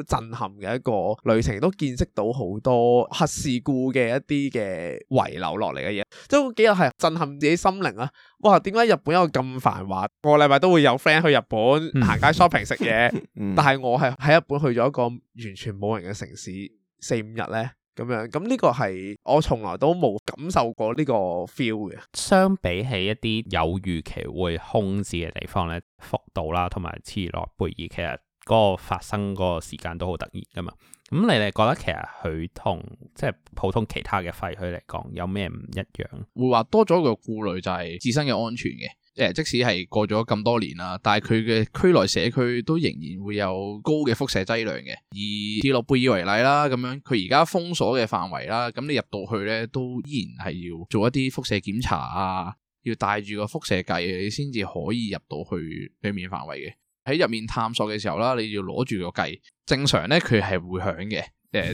震撼嘅一個旅程，都見識到好多核事故嘅一啲嘅遺留落嚟嘅嘢。即係嗰幾日係震撼自己心靈啊！哇，點解日本有咁繁華，個禮拜都會有 friend 去日本行 街 shopping 食嘢， 但係我係喺日本去咗一個完全冇人嘅城市四五日咧。咁樣，咁呢個係我從來都冇感受過呢個 feel 嘅。相比起一啲有預期會空置嘅地方咧，福島啦，同埋切爾諾貝爾，其實嗰個發生嗰個時間都好突然㗎嘛。咁你哋覺得其實佢同即係普通其他嘅廢墟嚟講，有咩唔一樣？會話多咗個顧慮就係自身嘅安全嘅。誒，即使係過咗咁多年啦，但係佢嘅區內社區都仍然會有高嘅輻射劑量嘅。切爾諾貝爾為例啦，咁樣佢而家封鎖嘅範圍啦，咁你入到去咧，都依然係要做一啲輻射檢查啊，要帶住個輻射計，你先至可以入到去裡面範圍嘅。喺入面探索嘅時候啦，你要攞住個計，正常咧佢係會響嘅。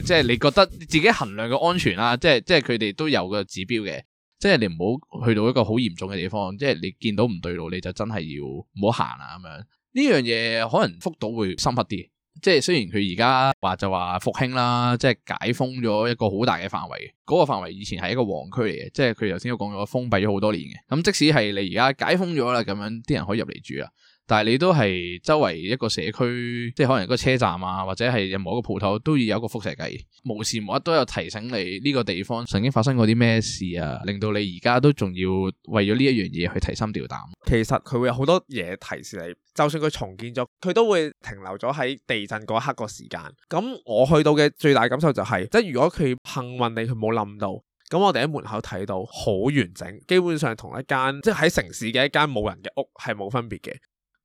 誒， 即係你覺得自己衡量個安全啦，即係即係佢哋都有個指標嘅。即係你唔好去到一個好嚴重嘅地方，即係你見到唔對路，你就真係要唔好行啊咁樣。呢樣嘢可能福島會深刻啲。即係雖然佢而家話就話復興啦，即係解封咗一個好大嘅範圍。嗰個範圍以前係一個黃區嚟嘅，即係佢頭先都講咗封閉咗好多年嘅。咁即使係你而家解封咗啦，咁樣啲人可以入嚟住啦。但係你都係周圍一個社區，即係可能一個車站啊，或者係任何一個鋪頭，都要有一個輻射計，無時無刻都有提醒你呢個地方曾經發生過啲咩事啊，令到你而家都仲要為咗呢一樣嘢去提心吊膽。其實佢會有好多嘢提示你，就算佢重建咗，佢都會停留咗喺地震嗰一刻個時間。咁我去到嘅最大感受就係，即係如果佢幸運地佢冇冧到，咁我哋喺門口睇到好完整，基本上同一間即係喺城市嘅一間冇人嘅屋係冇分別嘅。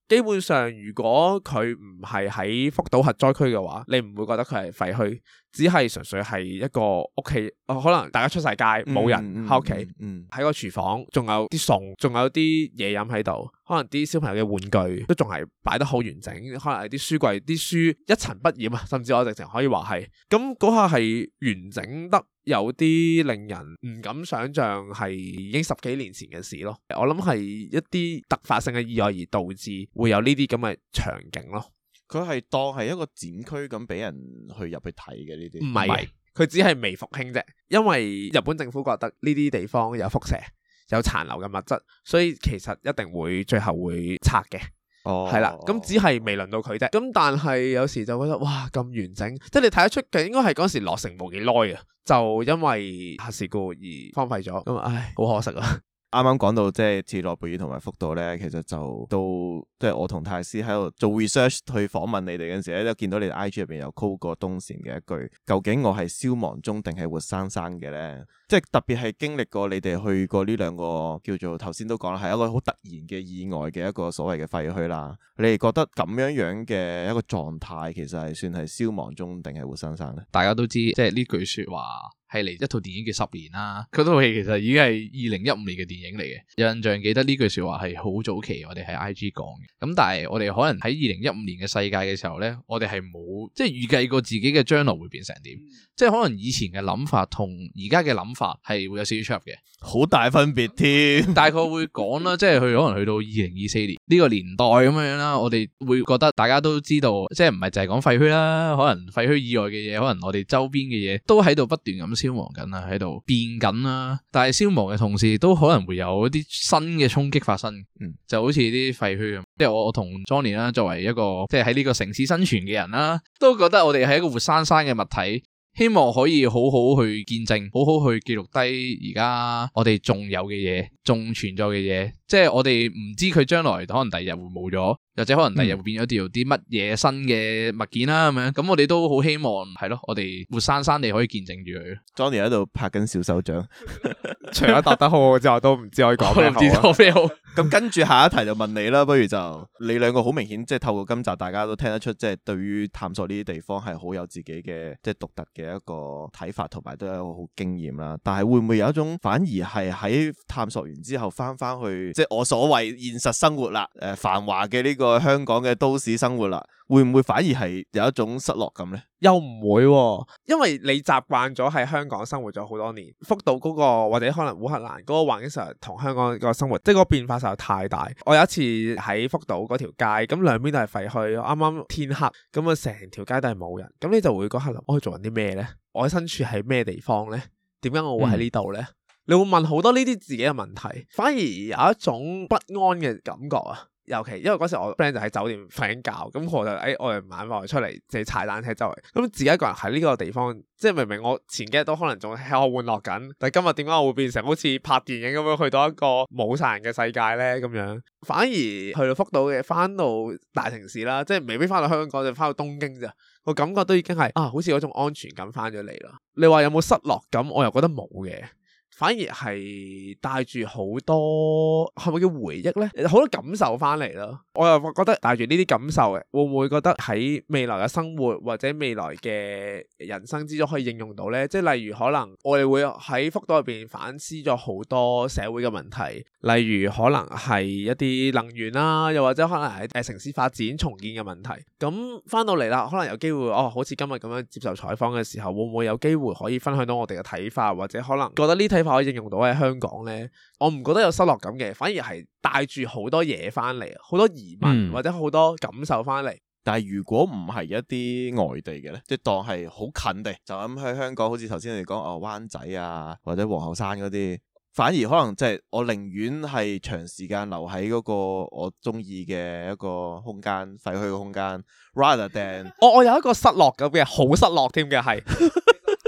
基本上，如果佢唔係喺福島核災區嘅話，你唔會覺得佢係廢墟，只係純粹係一個屋企。哦。可能大家出晒街，冇人喺屋企，喺、嗯嗯嗯嗯、個廚房，仲有啲餸，仲有啲嘢飲喺度。可能啲小朋友嘅玩具都仲係擺得好完整，可能係啲書櫃啲書一塵不染啊，甚至我直情可以話，係咁嗰下係完整得有啲令人唔敢想象，係已經十幾年前嘅事咯。我諗，係一啲突發性嘅意外而導致會有呢啲咁嘅場景咯。佢係當係一個展區咁俾人去入去睇嘅呢啲，唔係，佢、啊、只係未復興啫，因為日本政府覺得呢啲地方有輻射。有殘留嘅物質，所以其實一定會最後會拆嘅，哦、oh.，係啦。咁只係未輪到佢啫。咁但係有時就覺得哇，咁完整，即係你睇得出嘅，應該係嗰陣時落成冇幾耐啊，就因為核事故而荒廢咗。咁唉，好可惜啊！啱啱講到即係切爾諾貝爾同埋福島咧，其實就到即係我同泰斯喺度做 research 去訪問你哋嗰陣時咧，都見到你 I G 入邊有 call 過東線嘅一句，究竟我係消亡中定係活生生嘅咧，即係特別係經歷過你哋去過呢兩個叫做頭先都講啦，係一個好突然嘅意外嘅一個所謂嘅廢墟啦。你哋覺得咁樣樣嘅一個狀態其實係算係消亡中定係活生生咧？大家都知即係呢句説話。係嚟，一套電影叫十年啦，嗰套戲其實已經係二零一五年嘅電影嚟嘅。有印象記得呢句說話係好早期我哋喺 IG 講嘅，咁但係我哋可能喺二零一五年嘅世界嘅時候咧，我哋係冇即係預計過自己嘅將來會變成點。即係可能以前嘅諗法同而家嘅諗法係會有少少出入嘅，好大分別添。 大概會講啦，即係佢可能去到二零二四年呢個年代咁樣樣啦。我哋會覺得大家都知道，即係唔係淨係講廢墟啦，可能廢墟以外嘅嘢，可能我哋周邊嘅嘢都喺度不斷咁消亡緊啦，喺度變緊啦。但係消亡嘅同時，都可能會有一啲新嘅衝擊發生。嗯，就好似啲廢墟咁。即係我我同 Johnny 啦，作為一個即係喺呢個城市生存嘅人啦，都覺得我哋係一個活生生嘅物體。希望可以好好去見證，好好去記錄低而家我哋仲有嘅嘢，仲存在嘅嘢。即係我哋唔知佢將來可能第二日會冇咗，或者可能第二日會變咗掉啲乜嘢新嘅物件啦咁、嗯、樣。咁我哋都好希望係咯，我哋活生生地可以見證住佢。Johnny 喺度拍緊小手掌， 除咗答得好好之外，都唔知可以講啲咩好。咁跟住下一題就問你啦，不如就你兩個好明顯，即係透過今集大家都聽得出，即係對於探索呢啲地方係好有自己嘅即係獨特嘅一個睇法，同埋都有一個好經驗啦。但係會唔會有一種反而係喺探索完之後翻翻去？即係我所謂現實生活啦，誒，繁華嘅呢個香港嘅都市生活啦，會唔會反而係有一種失落感呢？又唔會，啊，因為你習慣咗喺香港生活咗好多年，福島嗰個，或者可能烏克蘭嗰個環境上同香港個生活，即係個變化實在太大。我有一次喺福島嗰條街，咁兩邊都係廢墟，啱啱天黑，咁啊成條街都係冇人，咁你就會嗰刻諗，我去做緊啲咩呢？我身處喺咩地方呢？點解我會喺呢度呢？」嗯你會問好多呢啲自己嘅問題，反而有一種不安嘅感覺啊！尤其因為嗰時我 friend 就喺酒店瞓緊覺，咁我就誒、哎，我又晚翻出嚟，即係踩單車周圍，咁自己一個人喺呢個地方，即係明明我前幾日都可能仲喺度玩樂緊，但係今日點解我會變成好似拍電影咁樣去到一個冇晒人嘅世界咧？咁樣反而去到福島嘅，翻到大城市啦，即係未必翻到香港，就翻到東京咋？個感覺都已經係啊，好似嗰種安全感翻咗嚟啦。你話有冇失落感？我又覺得冇嘅。反而係帶住好多係咪叫回憶咧？好多感受翻嚟咯。我又覺得帶住呢啲感受嘅，會唔會覺得喺未來嘅生活或者未來嘅人生之中可以應用到咧？即係例如可能我哋會喺福島入邊反思咗好多社會嘅問題，例如可能係一啲能源啦，又或者可能係誒城市發展重建嘅問題，咁翻到嚟啦，可能有機會哦，好似今日咁樣接受採訪嘅時候，會唔會有機會可以分享到我哋嘅睇法，或者可能覺得呢睇可以應用到喺香港咧，我唔覺得有失落感嘅，反而係帶住好多嘢翻嚟，好多疑問或者好多感受翻嚟。嗯、但係如果唔係一啲外地嘅咧，即係當係好近地，就咁喺香港，好似頭先你講哦灣仔啊，或者皇后山嗰啲，反而可能即係我寧願係長時間留喺嗰個我中意嘅一個空間、廢墟嘅空間，rather than 我我有一個失落咁嘅，好失落添嘅係。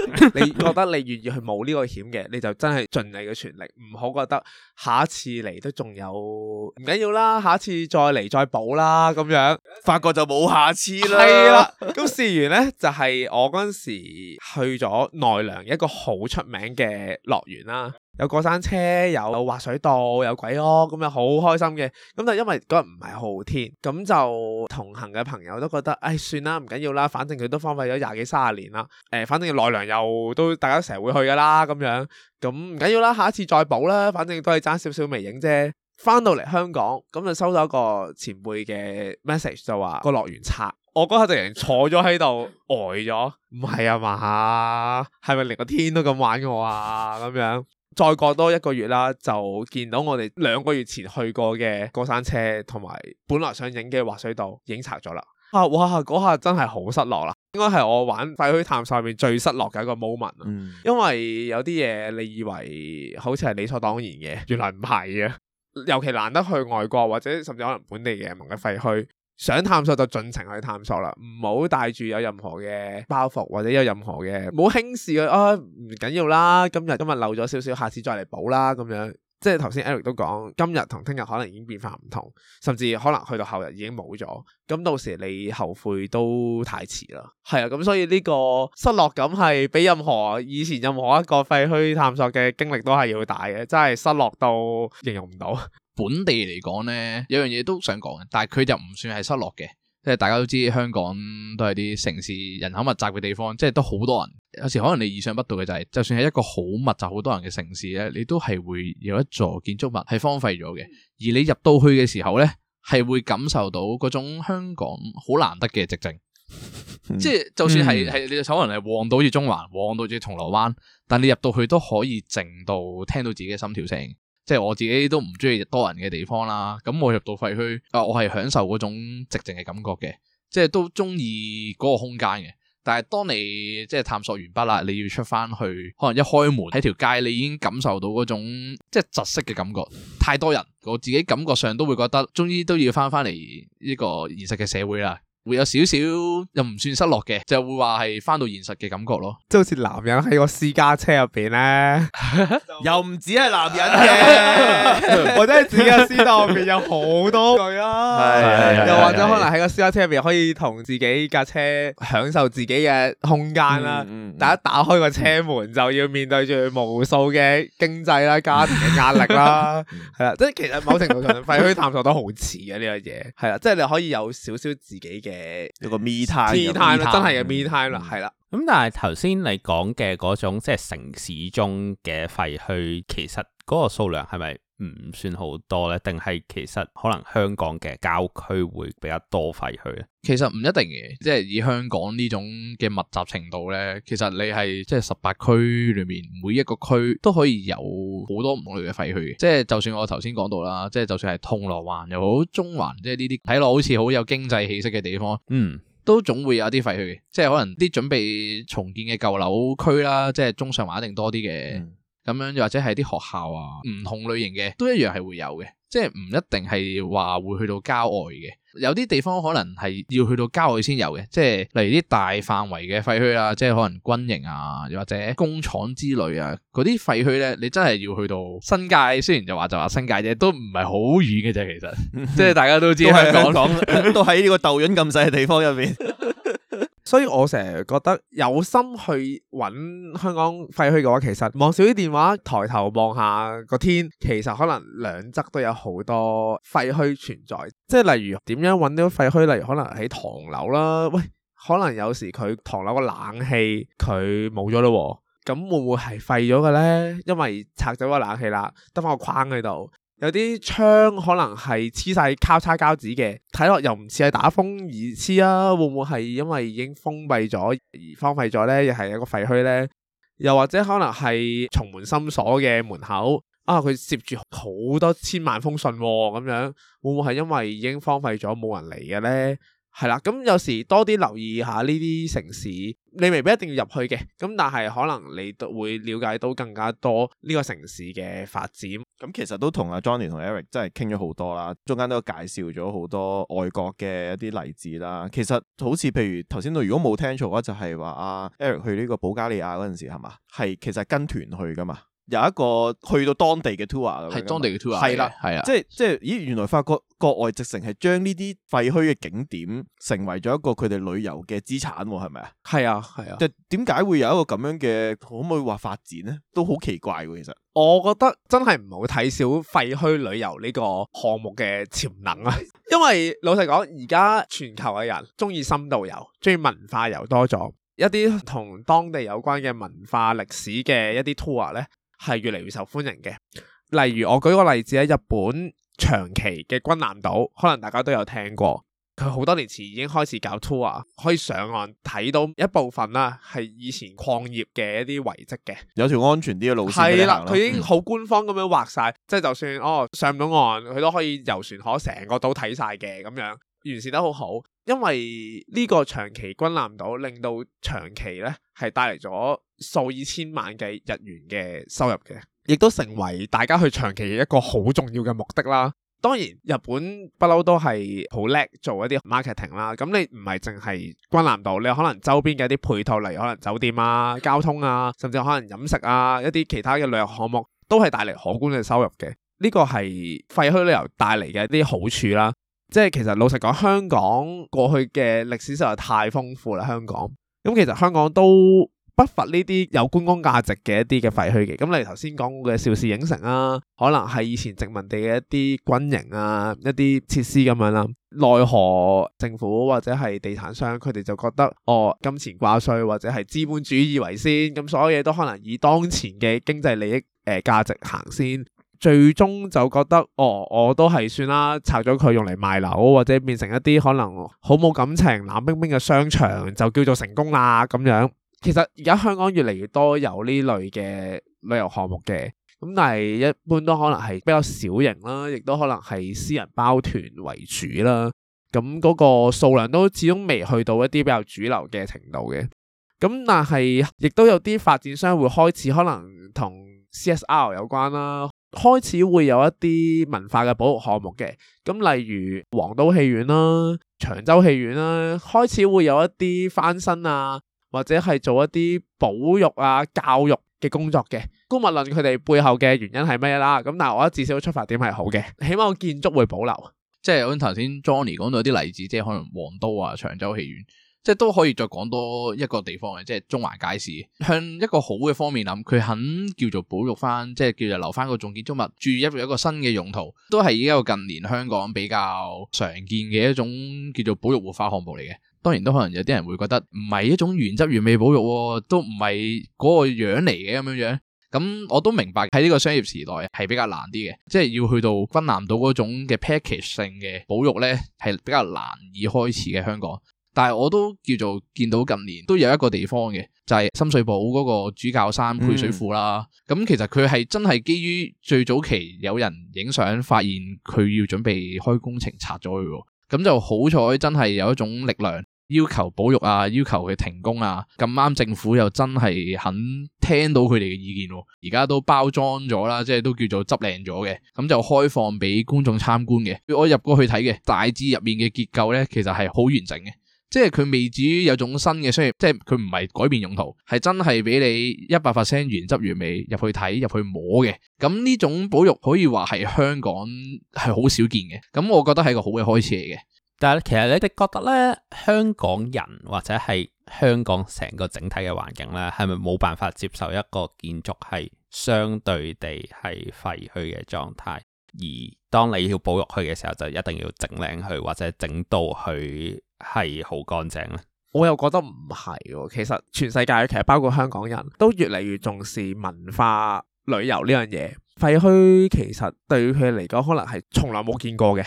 你覺得你願意去冒呢個險嘅，你就真係盡你嘅全力，唔好覺得下一次嚟都仲有，唔緊要啦，下一次再嚟再補啦，咁樣發覺就冇下次啦。係啦 ，咁事緣呢，就係、是、我嗰陣時去咗奈良一個好出名嘅樂園啦。有過山車，有滑水道，有鬼屋，咁樣好開心嘅。咁就因為嗰日唔係好天，咁就同行嘅朋友都覺得，唉、哎，算啦，唔緊要啦，反正佢都荒廢咗廿幾三十年啦。誒、呃，反正奈良又都大家成日會去噶啦，咁樣，咁唔緊要啦，下一次再補啦，反正都係爭少少微影啫。翻到嚟香港，咁就收到一個前輩嘅 message 就話個樂園拆，我嗰刻突然坐咗喺度呆咗，唔係啊嘛，係咪連個天都咁玩我啊咁樣？再過多一個月啦，就見到我哋兩個月前去過嘅過山車，同埋本來想影嘅滑水道已經拆咗啦。啊，哇！嗰下真係好失落啦，應該係我玩廢墟探索上面最失落嘅一個 moment、嗯、因為有啲嘢你以為好似係理所當然嘅，原來唔係嘅。尤其難得去外國或者甚至可能本地嘅蒙嘅廢墟。想探索就盡情去探索啦，唔好帶住有任何嘅包袱或者有任何嘅，唔好輕視佢。啊，唔緊要啦，今日今日漏咗少少，下次再嚟補啦咁樣。即係頭先 Eric 都講，今日同聽日可能已經變化唔同，甚至可能去到後日已經冇咗。咁到時你後悔都太遲啦。係啊，咁所以呢個失落感係比任何以前任何一個廢墟探索嘅經歷都係要大嘅，真係失落到形容唔到。本地嚟講呢有樣嘢都想講嘅，但係佢就唔算係失落嘅，即係大家都知香港都係啲城市人口密集嘅地方，即係都好多人。有時可能你意想不到嘅就係、是，就算係一個好密集、好多人嘅城市呢，你都係會有一座建築物係荒廢咗嘅。而你入到去嘅時候呢，係會感受到嗰種香港好難得嘅寂靜。 即係就算係係、嗯、你可能係望到住中環、望到住銅鑼灣，但你入到去都可以靜到聽到自己嘅心跳聲。即係我自己都唔中意多人嘅地方啦，咁我入到廢墟，啊，我係享受嗰種寂靜嘅感覺嘅，即係都中意嗰個空間嘅。但係當你即係探索完畢啦，你要出翻去，可能一開門喺條街，你已經感受到嗰種即係窒息嘅感覺，太多人，我自己感覺上都會覺得，終於都要翻翻嚟呢個現實嘅社會啦。會有少少又唔算失落嘅，就會話係翻到現實嘅感覺咯，即係好似男人喺個私家車入邊咧，又唔止係男人嘅，或者係自己嘅私家車入邊有好多句啦、啊，又、啊啊、或者可能喺個私家車入邊可以同自己架車，己車哈哈享受自己嘅空間啦，嗯嗯，但一打開個車門就要面對住無數嘅經濟啦、家庭嘅壓力啦，係啦，即係其實某程度上，廢墟探索都好似嘅呢樣嘢，係啦，即係你可以有少少自己嘅。誒一個 me time，me time 啦，me 真係有 me time 啦，係啦。咁但係頭先你講嘅嗰種，即係城市中嘅廢墟，其實嗰個數量係咪？唔算好多咧，定係其實可能香港嘅郊區會比較多廢墟咧？其實唔一定嘅，即係以香港呢種嘅密集程度咧，其實你係即係十八區裏面每一個區都可以有好多唔同類嘅廢墟嘅。即係就算我頭先講到啦，即係就算係銅鑼灣又好，中環即係呢啲睇落好似好有經濟氣息嘅地方，嗯，都總會有啲廢墟嘅。即係可能啲準備重建嘅舊樓區啦，即係中上環一定多啲嘅。嗯咁樣又或者係啲學校啊，唔同類型嘅都一樣係會有嘅，即係唔一定係話會去到郊外嘅。有啲地方可能係要去到郊外先有嘅，即係例如啲大範圍嘅廢墟啊，即係可能軍營啊，又或者工廠之類啊，嗰啲廢墟咧，你真係要去到新界，雖然說就話就話新界啫，都唔係好遠嘅啫，其實，即係大家都知，香港、嗯、都喺呢 個豆潤咁細嘅地方入面。 所以我成日覺得有心去揾香港廢墟嘅話，其實望少啲電話，抬頭望下個天，其實可能兩側都有好多廢墟存在。即係例如點樣揾到廢墟？例如可能喺唐樓啦，喂，可能有時佢唐樓個冷氣佢冇咗咯，咁會唔會係廢咗嘅咧？因為拆走個冷氣啦，得翻個框喺度。有啲窗可能係黐晒交叉膠紙嘅，睇落又唔似係打風而黐啊！會唔會係因為已經封閉咗而荒廢咗呢？又係一個廢墟呢？又或者可能係重門深鎖嘅門口啊？佢攝住好多千萬封信咁、啊、樣，會唔會係因為已經荒廢咗冇人嚟嘅呢？係啦，咁有時多啲留意下呢啲城市，你未必一定要入去嘅，咁但係可能你都會了解到更加多呢個城市嘅發展。咁其實都同阿 Johnny 同 Eric 真係傾咗好多啦，中間都介紹咗好多外國嘅一啲例子啦。其實好似譬如頭先，都如果冇聽錯嘅話，就係話阿 Eric 去呢個保加利亞嗰陣時係咪？係，其實跟團去噶嘛。有一個去到當地嘅 tour 啊是，係天當地嘅 tour，係啦，係啊，即係即係，咦，原來發覺國外直情係將呢啲廢墟嘅景點，成為咗一個佢哋旅遊嘅資產，係咪啊？係啊，係啊，就點解會有一個咁樣嘅，可唔可以話發展呢？都好奇怪，其實我覺得真係唔好睇少廢墟旅遊呢個項目嘅潛能啊！因為老實講，而家全球嘅人中意深度遊、中意文化遊多咗，一啲同當地有關嘅文化歷史嘅一啲 tour 呢。係越嚟越受歡迎嘅，例如我舉個例子，喺日本長期嘅軍艦島，可能大家都有聽過，佢好多年前已經開始搞 tour，可以上岸睇到一部分啦，係以前礦業嘅一啲遺跡嘅，有條安全啲嘅路線行咯。係啦，佢的、嗯、已經好官方咁樣畫晒，即係 就，就算哦上唔到岸，佢都可以遊船河成個島睇晒嘅咁樣，完善得好好。因為呢個長崎軍艦島令到長崎呢係帶嚟咗數以千萬計日元嘅收入嘅，亦都成為大家去長崎嘅一個好重要嘅目的啦。當然，日本不嬲都係好叻做一啲 marketing 啦。咁你唔係淨係軍艦島，你可能周邊嘅一啲配套，例如可能酒店啊、交通啊，甚至可能飲食啊，一啲其他嘅旅遊項目都係帶嚟可觀嘅收入嘅。呢、這個係廢墟旅遊帶嚟嘅一啲好處啦。即係其實老實講，香港過去嘅歷史實在太豐富啦。香港咁，其實香港都不乏呢啲有觀光價值嘅一啲嘅廢墟嘅。咁例如頭先講嘅邵氏影城啦，可能係以前殖民地嘅一啲軍營啊、一啲設施咁樣啦。奈何政府或者係地產商，佢哋就覺得哦，金錢掛帥或者係資本主義為先，咁所有嘢，都可能以當前嘅經濟利益誒價值行先。最終就覺得哦，我都係算啦，拆咗佢用嚟賣樓，或者變成一啲可能好冇感情，冷冰冰嘅商場，就叫做成功啦咁樣。其實而家香港越嚟越多有呢類嘅旅遊項目嘅，咁但係一般都可能係比較小型啦，亦都可能係私人包團為主啦。咁嗰個數量都始終未去到一啲比較主流嘅程度嘅。咁但係亦都有啲發展商會開始可能同 CSR 有關啦。開始會有一啲文化嘅保育項目嘅，咁例如黃都戲院啦、啊、長洲戲院啦、啊，開始會有一啲翻新啊，或者係做一啲保育啊、教育嘅工作嘅。姑勿論佢哋背後嘅原因係咩啦，咁但我覺得至少出發點係好嘅，起碼個建築會保留。即係按頭先 Johnny 講到啲例子，即係可能黃都啊、長洲戲院。即係都可以再講多一個地方嘅，即係中環街市。向一個好嘅方面諗，佢肯叫做保育翻，即係叫做留翻個重建築物，注入一個新嘅用途，都係一個近年香港比較常見嘅一種叫做保育活化項目嚟嘅。當然都可能有啲人會覺得唔係一種原汁原味保育，都唔係嗰個樣嚟嘅咁樣樣。咁我都明白喺呢個商業時代係比較難啲嘅，即係要去到芬南島嗰種嘅 package 性嘅保育呢，係比較難以開始嘅香港。但係我都叫做見到近年都有一個地方嘅，就係、是、深水埗嗰個主教山配水庫啦。咁、嗯、其實佢係真係基於最早期有人影相發現佢要準備開工程拆咗佢，咁就好彩真係有一種力量要求保育啊，要求佢停工啊。咁啱政府又真係肯聽到佢哋嘅意見，啊，而家都包裝咗啦，即係都叫做執靚咗嘅，咁就開放俾觀眾參觀嘅。我入過去睇嘅大致入面嘅結構呢，其實係好完整嘅。即係佢未至於有種新嘅商業，即係佢唔係改變用途，係真係俾你一百 percent 原汁原味入去睇，入去摸嘅。咁呢種保育可以話係香港係好少見嘅。咁我覺得係個好嘅開始嚟嘅。 但係其實你哋覺得呢，香港人或者係香港成個整體嘅環境呢，係咪冇辦法接受一個建築係相對地係廢墟嘅狀態？而當你要保育佢嘅時候，就一定要整靚佢或者整到佢。係好乾淨咧？我又覺得唔係。其實全世界其實包括香港人都越嚟越重視文化旅遊呢樣嘢。廢墟其實對於佢嚟講，可能係從來冇見過嘅，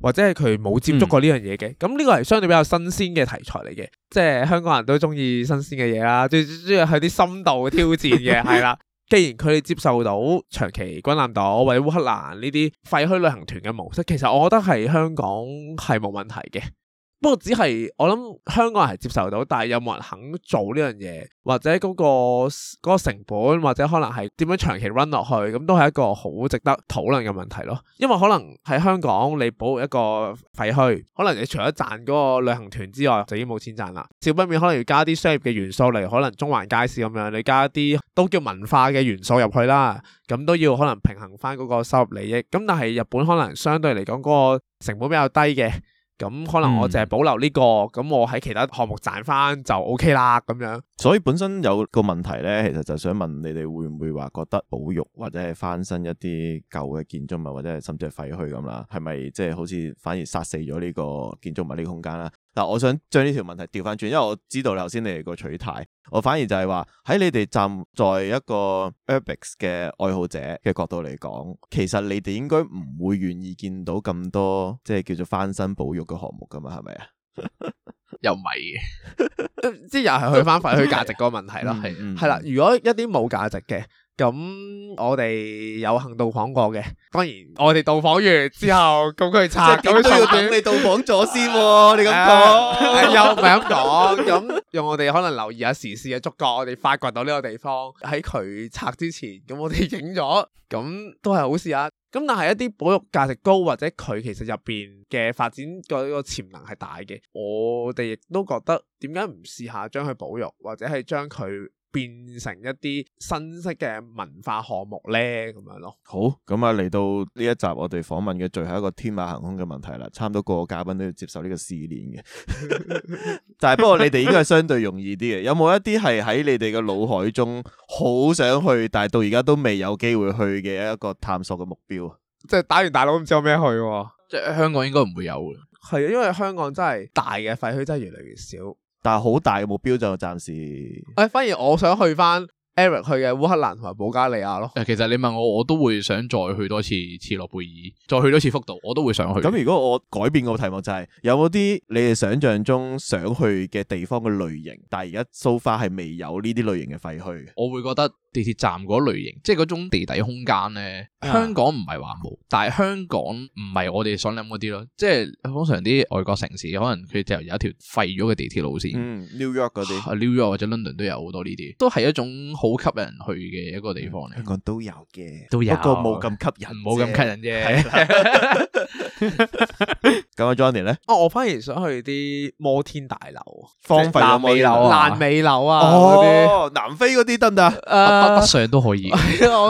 或者係佢冇接觸過呢樣嘢嘅。咁呢、嗯、個係相對比較新鮮嘅題材嚟嘅，即係香港人都中意新鮮嘅嘢啦，即中意啲深度挑戰嘅係啦。既然佢接受到長期軍艦島或者烏克蘭呢啲廢墟旅行團嘅模式，其實我覺得係香港係冇問題嘅。不過只係我諗香港人係接受到，但係有冇人肯做呢樣嘢？或者嗰個嗰個成本，或者可能係點樣長期 run 落去，咁都係一個好值得討論嘅問題咯。因為可能喺香港你保一個廢墟，可能你除咗賺嗰個旅行團之外，就已經冇錢賺啦。少不免可能要加啲商業嘅元素，例如可能中環街市咁樣，你加一啲都叫文化嘅元素入去啦，咁都要可能平衡翻嗰個收入利益。咁但係日本可能相對嚟講嗰個成本比較低嘅。咁可能我淨係保留呢、這個，咁、嗯、我喺其他項目賺翻就 OK 啦，咁樣。所以本身有個問題呢，其實就想問你哋會唔會話覺得保育或者係翻新一啲舊嘅建築物，或者係甚至係廢墟咁啦，係咪即係好似反而殺死咗呢個建築物呢個空間啦？但我想將呢條問題調翻轉，因為我知道你頭先你哋個取態，我反而就係話喺你哋站在一個 urbex 嘅愛好者嘅角度嚟講，其實你哋應該唔會願意見到咁多即係叫做翻新保育嘅項目㗎嘛，係咪啊？ 又唔係嘅，即係又係去返廢墟價值個問題咯、 嗯。係，係、嗯、啦、啊。如果一啲冇價值嘅。咁、嗯、我哋有幸到訪過嘅，當然我哋到訪完之後，咁佢 拆，咁都要等你到訪咗先、哦。 你咁講、 哎、又唔係咁講？咁、嗯、用我哋可能留意下時事嘅觸角，我哋發掘到呢個地方喺佢拆之前，咁、嗯、我哋影咗，咁、嗯、都係好事啊！咁、嗯、但係一啲保育價值高或者佢其實入邊嘅發展嗰個潛能係大嘅，我哋亦都覺得點解唔試下將佢保育，或者係將佢，變成一啲新式嘅文化項目呢，咁樣咯。好，咁啊嚟到呢一集我哋訪問嘅最後一個天馬行空嘅問題啦，差唔多個個嘉賓都要接受呢個試煉嘅。但係、 即係、不過你哋應該係相對容易啲嘅， 有冇一啲係喺你哋嘅腦海中好想去，但係到而家都未有機會去嘅一個探索嘅目標啊？即係打完大佬唔知有咩去，即係香港應該唔會有嘅。係啊，因為香港真係大嘅廢墟，真係越嚟越少。但係好大嘅目標就暫時，誒反而我想去翻 Eric 去嘅烏克蘭同埋保加利亞咯。其實你問我，我都會想再去多次切爾諾貝爾，再去多次福島，我都會想去。咁如果我改變個題目，就是，就係有冇啲你哋想像中想去嘅地方嘅類型，但係而家 so far 係未有呢啲類型嘅廢墟。我會覺得地鐵站嗰類型，即係嗰種地底空間呢，香港唔係話冇，嗯、但係香港唔係我哋想諗嗰啲咯。即、就、係、是、通常啲外國城市，可能佢就有一條廢咗嘅地鐵路線。嗯、New York 嗰啲、啊，New York 或者 London 都有好多呢啲，都係一種好吸引人去嘅一個地方，香港都有嘅，都有，不過冇咁吸引，冇咁吸引啫。咁啊，Johnny 咧，哦，我反而想去啲摩天大樓，荒廢咗啲樓啊，爛尾樓啊，哦，南非嗰啲得唔得啊？北北上都可以，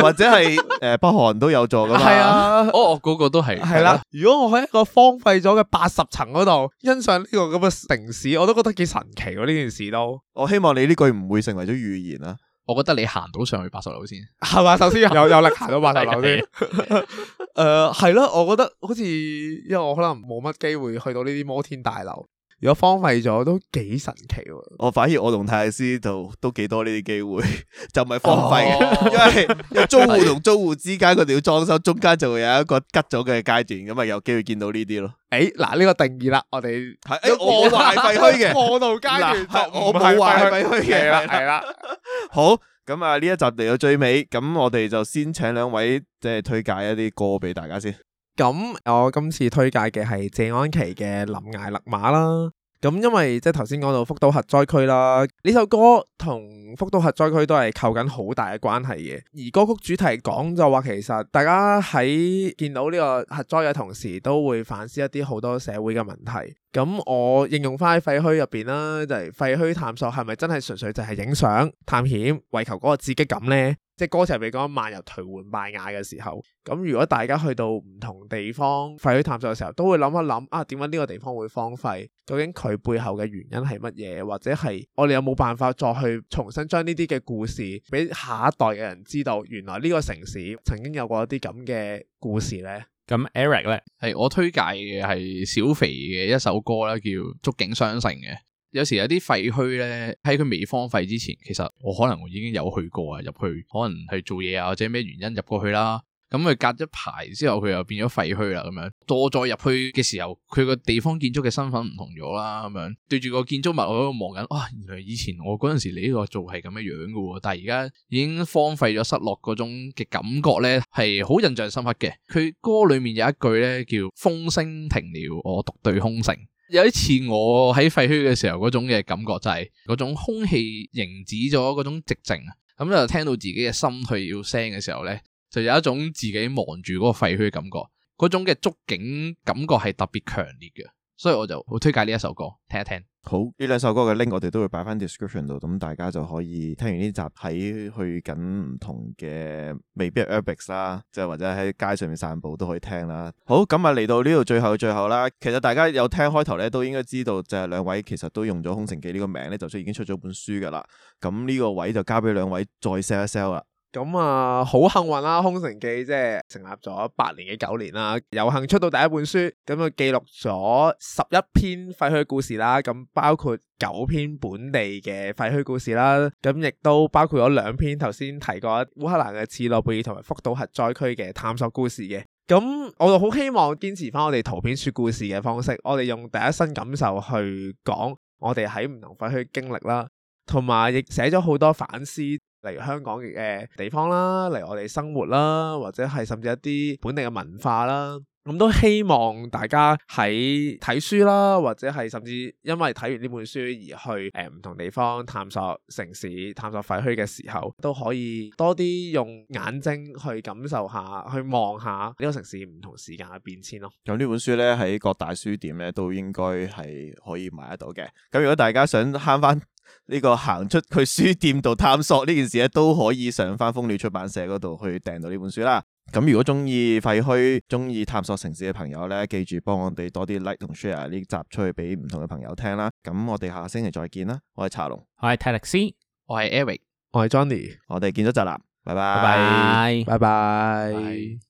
或者係誒，北韓都有座噶嘛？係啊，哦，嗰個都係係啦。如果我喺一個荒廢咗嘅八十層嗰度欣賞呢個咁嘅城市，我都覺得幾神奇喎。呢件事都，我希望你呢句唔會成為咗預言啊。我覺得你行到上去八十樓先，係嘛？首先有有力行到八十樓先、？ 呃，誒係咯，我覺得好似因為我可能冇乜機會去到呢啲摩天大樓。如果荒廢咗都幾神奇喎！我反而我同泰斯都 就都幾多呢啲機會，就唔係荒廢，因,因為租戶同租戶之間佢哋要裝修，中間就會有一個吉咗嘅階段，咁啊有機會見到呢啲咯。誒、哎，嗱呢、這個定義啦，我哋係、哎、 我廢話廢墟嘅過渡階段， 我冇喊話廢墟嘅係啦。 好，咁啊呢一集嚟到最尾，咁我哋就先請兩位即係推介一啲歌俾大家先。咁我今次推介嘅係謝安琪嘅《臨崖勒馬》啦，咁因為即係頭先講到福島核災區啦，呢首歌同福島核災區都係扣緊好大嘅關係嘅，而歌曲主題講就話其實大家喺見到呢個核災嘅同時，都會反思一啲好多社會嘅問題。咁我應用翻喺廢墟入面啦，就係廢墟探索係咪真係純粹就係影相探險，為求嗰個刺激感呢？即係歌詞入面講漫遊頹垣敗瓦嘅時候，咁如果大家去到唔同地方廢墟探索嘅時候，都會諗一諗啊，點解呢個地方會荒廢？究竟佢背後嘅原因係乜嘢？或者係我哋有冇辦法再去重新將呢啲嘅故事俾下一代嘅人知道，原來呢個城市曾經有過一啲咁嘅故事呢？呢」咁 Eric 咧係我推介嘅係小肥嘅一首歌啦，叫《觸景傷城》嘅。有時有啲廢墟咧，喺佢未荒廢之前，其實我可能我已經有去過啊，入去可能係做嘢啊，或者咩原因入過去啦。咁佢隔一排之後，佢又變咗廢墟啦。咁樣，再再入去嘅時候，佢個地方建築嘅身份唔同咗啦。咁樣，咁樣，對住個建築物我喺度望緊，哇、啊！原來以前我嗰陣時嚟呢個做係咁嘅樣噶喎，但係而家已經荒廢咗，失落嗰種嘅感覺咧，係好印象深刻嘅。佢歌裏面有一句咧，叫風聲停了，我獨對空城。有一次我喺廢墟嘅時候嗰種嘅感覺，就係嗰種空氣凝止咗，嗰種寂靜啊。咁咧，就聽到自己嘅心去要聲嘅時候咧，就有一種自己望住嗰個廢墟嘅感覺，嗰種嘅觸景感覺係特別強烈嘅，所以我就好推介呢一首歌聽一聽。好呢兩首歌嘅 link 我哋都會擺翻 description 度，咁大家就可以聽完呢集喺去緊唔同嘅，未必係 office 啦，即係或者喺街上面散步都可以聽啦。好，咁啊嚟到呢度最後最後啦，其實大家有聽開頭咧，都應該知道就係兩位其實都用咗《空城記》呢個名咧，就已經出咗本書噶啦。咁呢個位就交俾兩位再 sell 一 sell 啦。咁啊，好幸運啦！《空城記》即係成立咗八年嘅九年啦，有幸出到第一本書，咁啊記錄咗十一篇廢墟故事啦，咁包括九篇本地嘅廢墟故事啦，咁亦都包括咗兩篇頭先提過烏克蘭嘅切爾諾貝爾同埋福島核災區嘅探索故事嘅。咁我就好希望堅持翻我哋圖片說故事嘅方式，我哋用第一身感受去講我哋喺唔同廢墟經歷啦，同埋亦寫咗好多反思。例如香港嘅地方啦，嚟我哋生活啦，或者係甚至一啲本地嘅文化啦，咁都希望大家喺睇書啦，或者係甚至因為睇完呢本書而去誒唔同地方探索城市、探索廢墟嘅時候，都可以多啲用眼睛去感受下，去望下呢個城市唔同時間嘅變遷咯。咁呢本書咧喺各大書店咧都應該係可以買得到嘅。咁如果大家想慳翻。呢個行出去書店度探索呢件事咧，都可以上翻風鳥出版社嗰度去訂到呢本書啦。咁如果中意廢墟、中意探索城市嘅朋友咧，記住幫我哋多啲 like 同 share 呢集出去俾唔同嘅朋友聽啦。咁我哋下個星期再見啦。我係茶龍，我係泰勒斯，我係是 Eric，我係 Johnny，我哋見咗集啦，拜拜，拜拜，拜拜。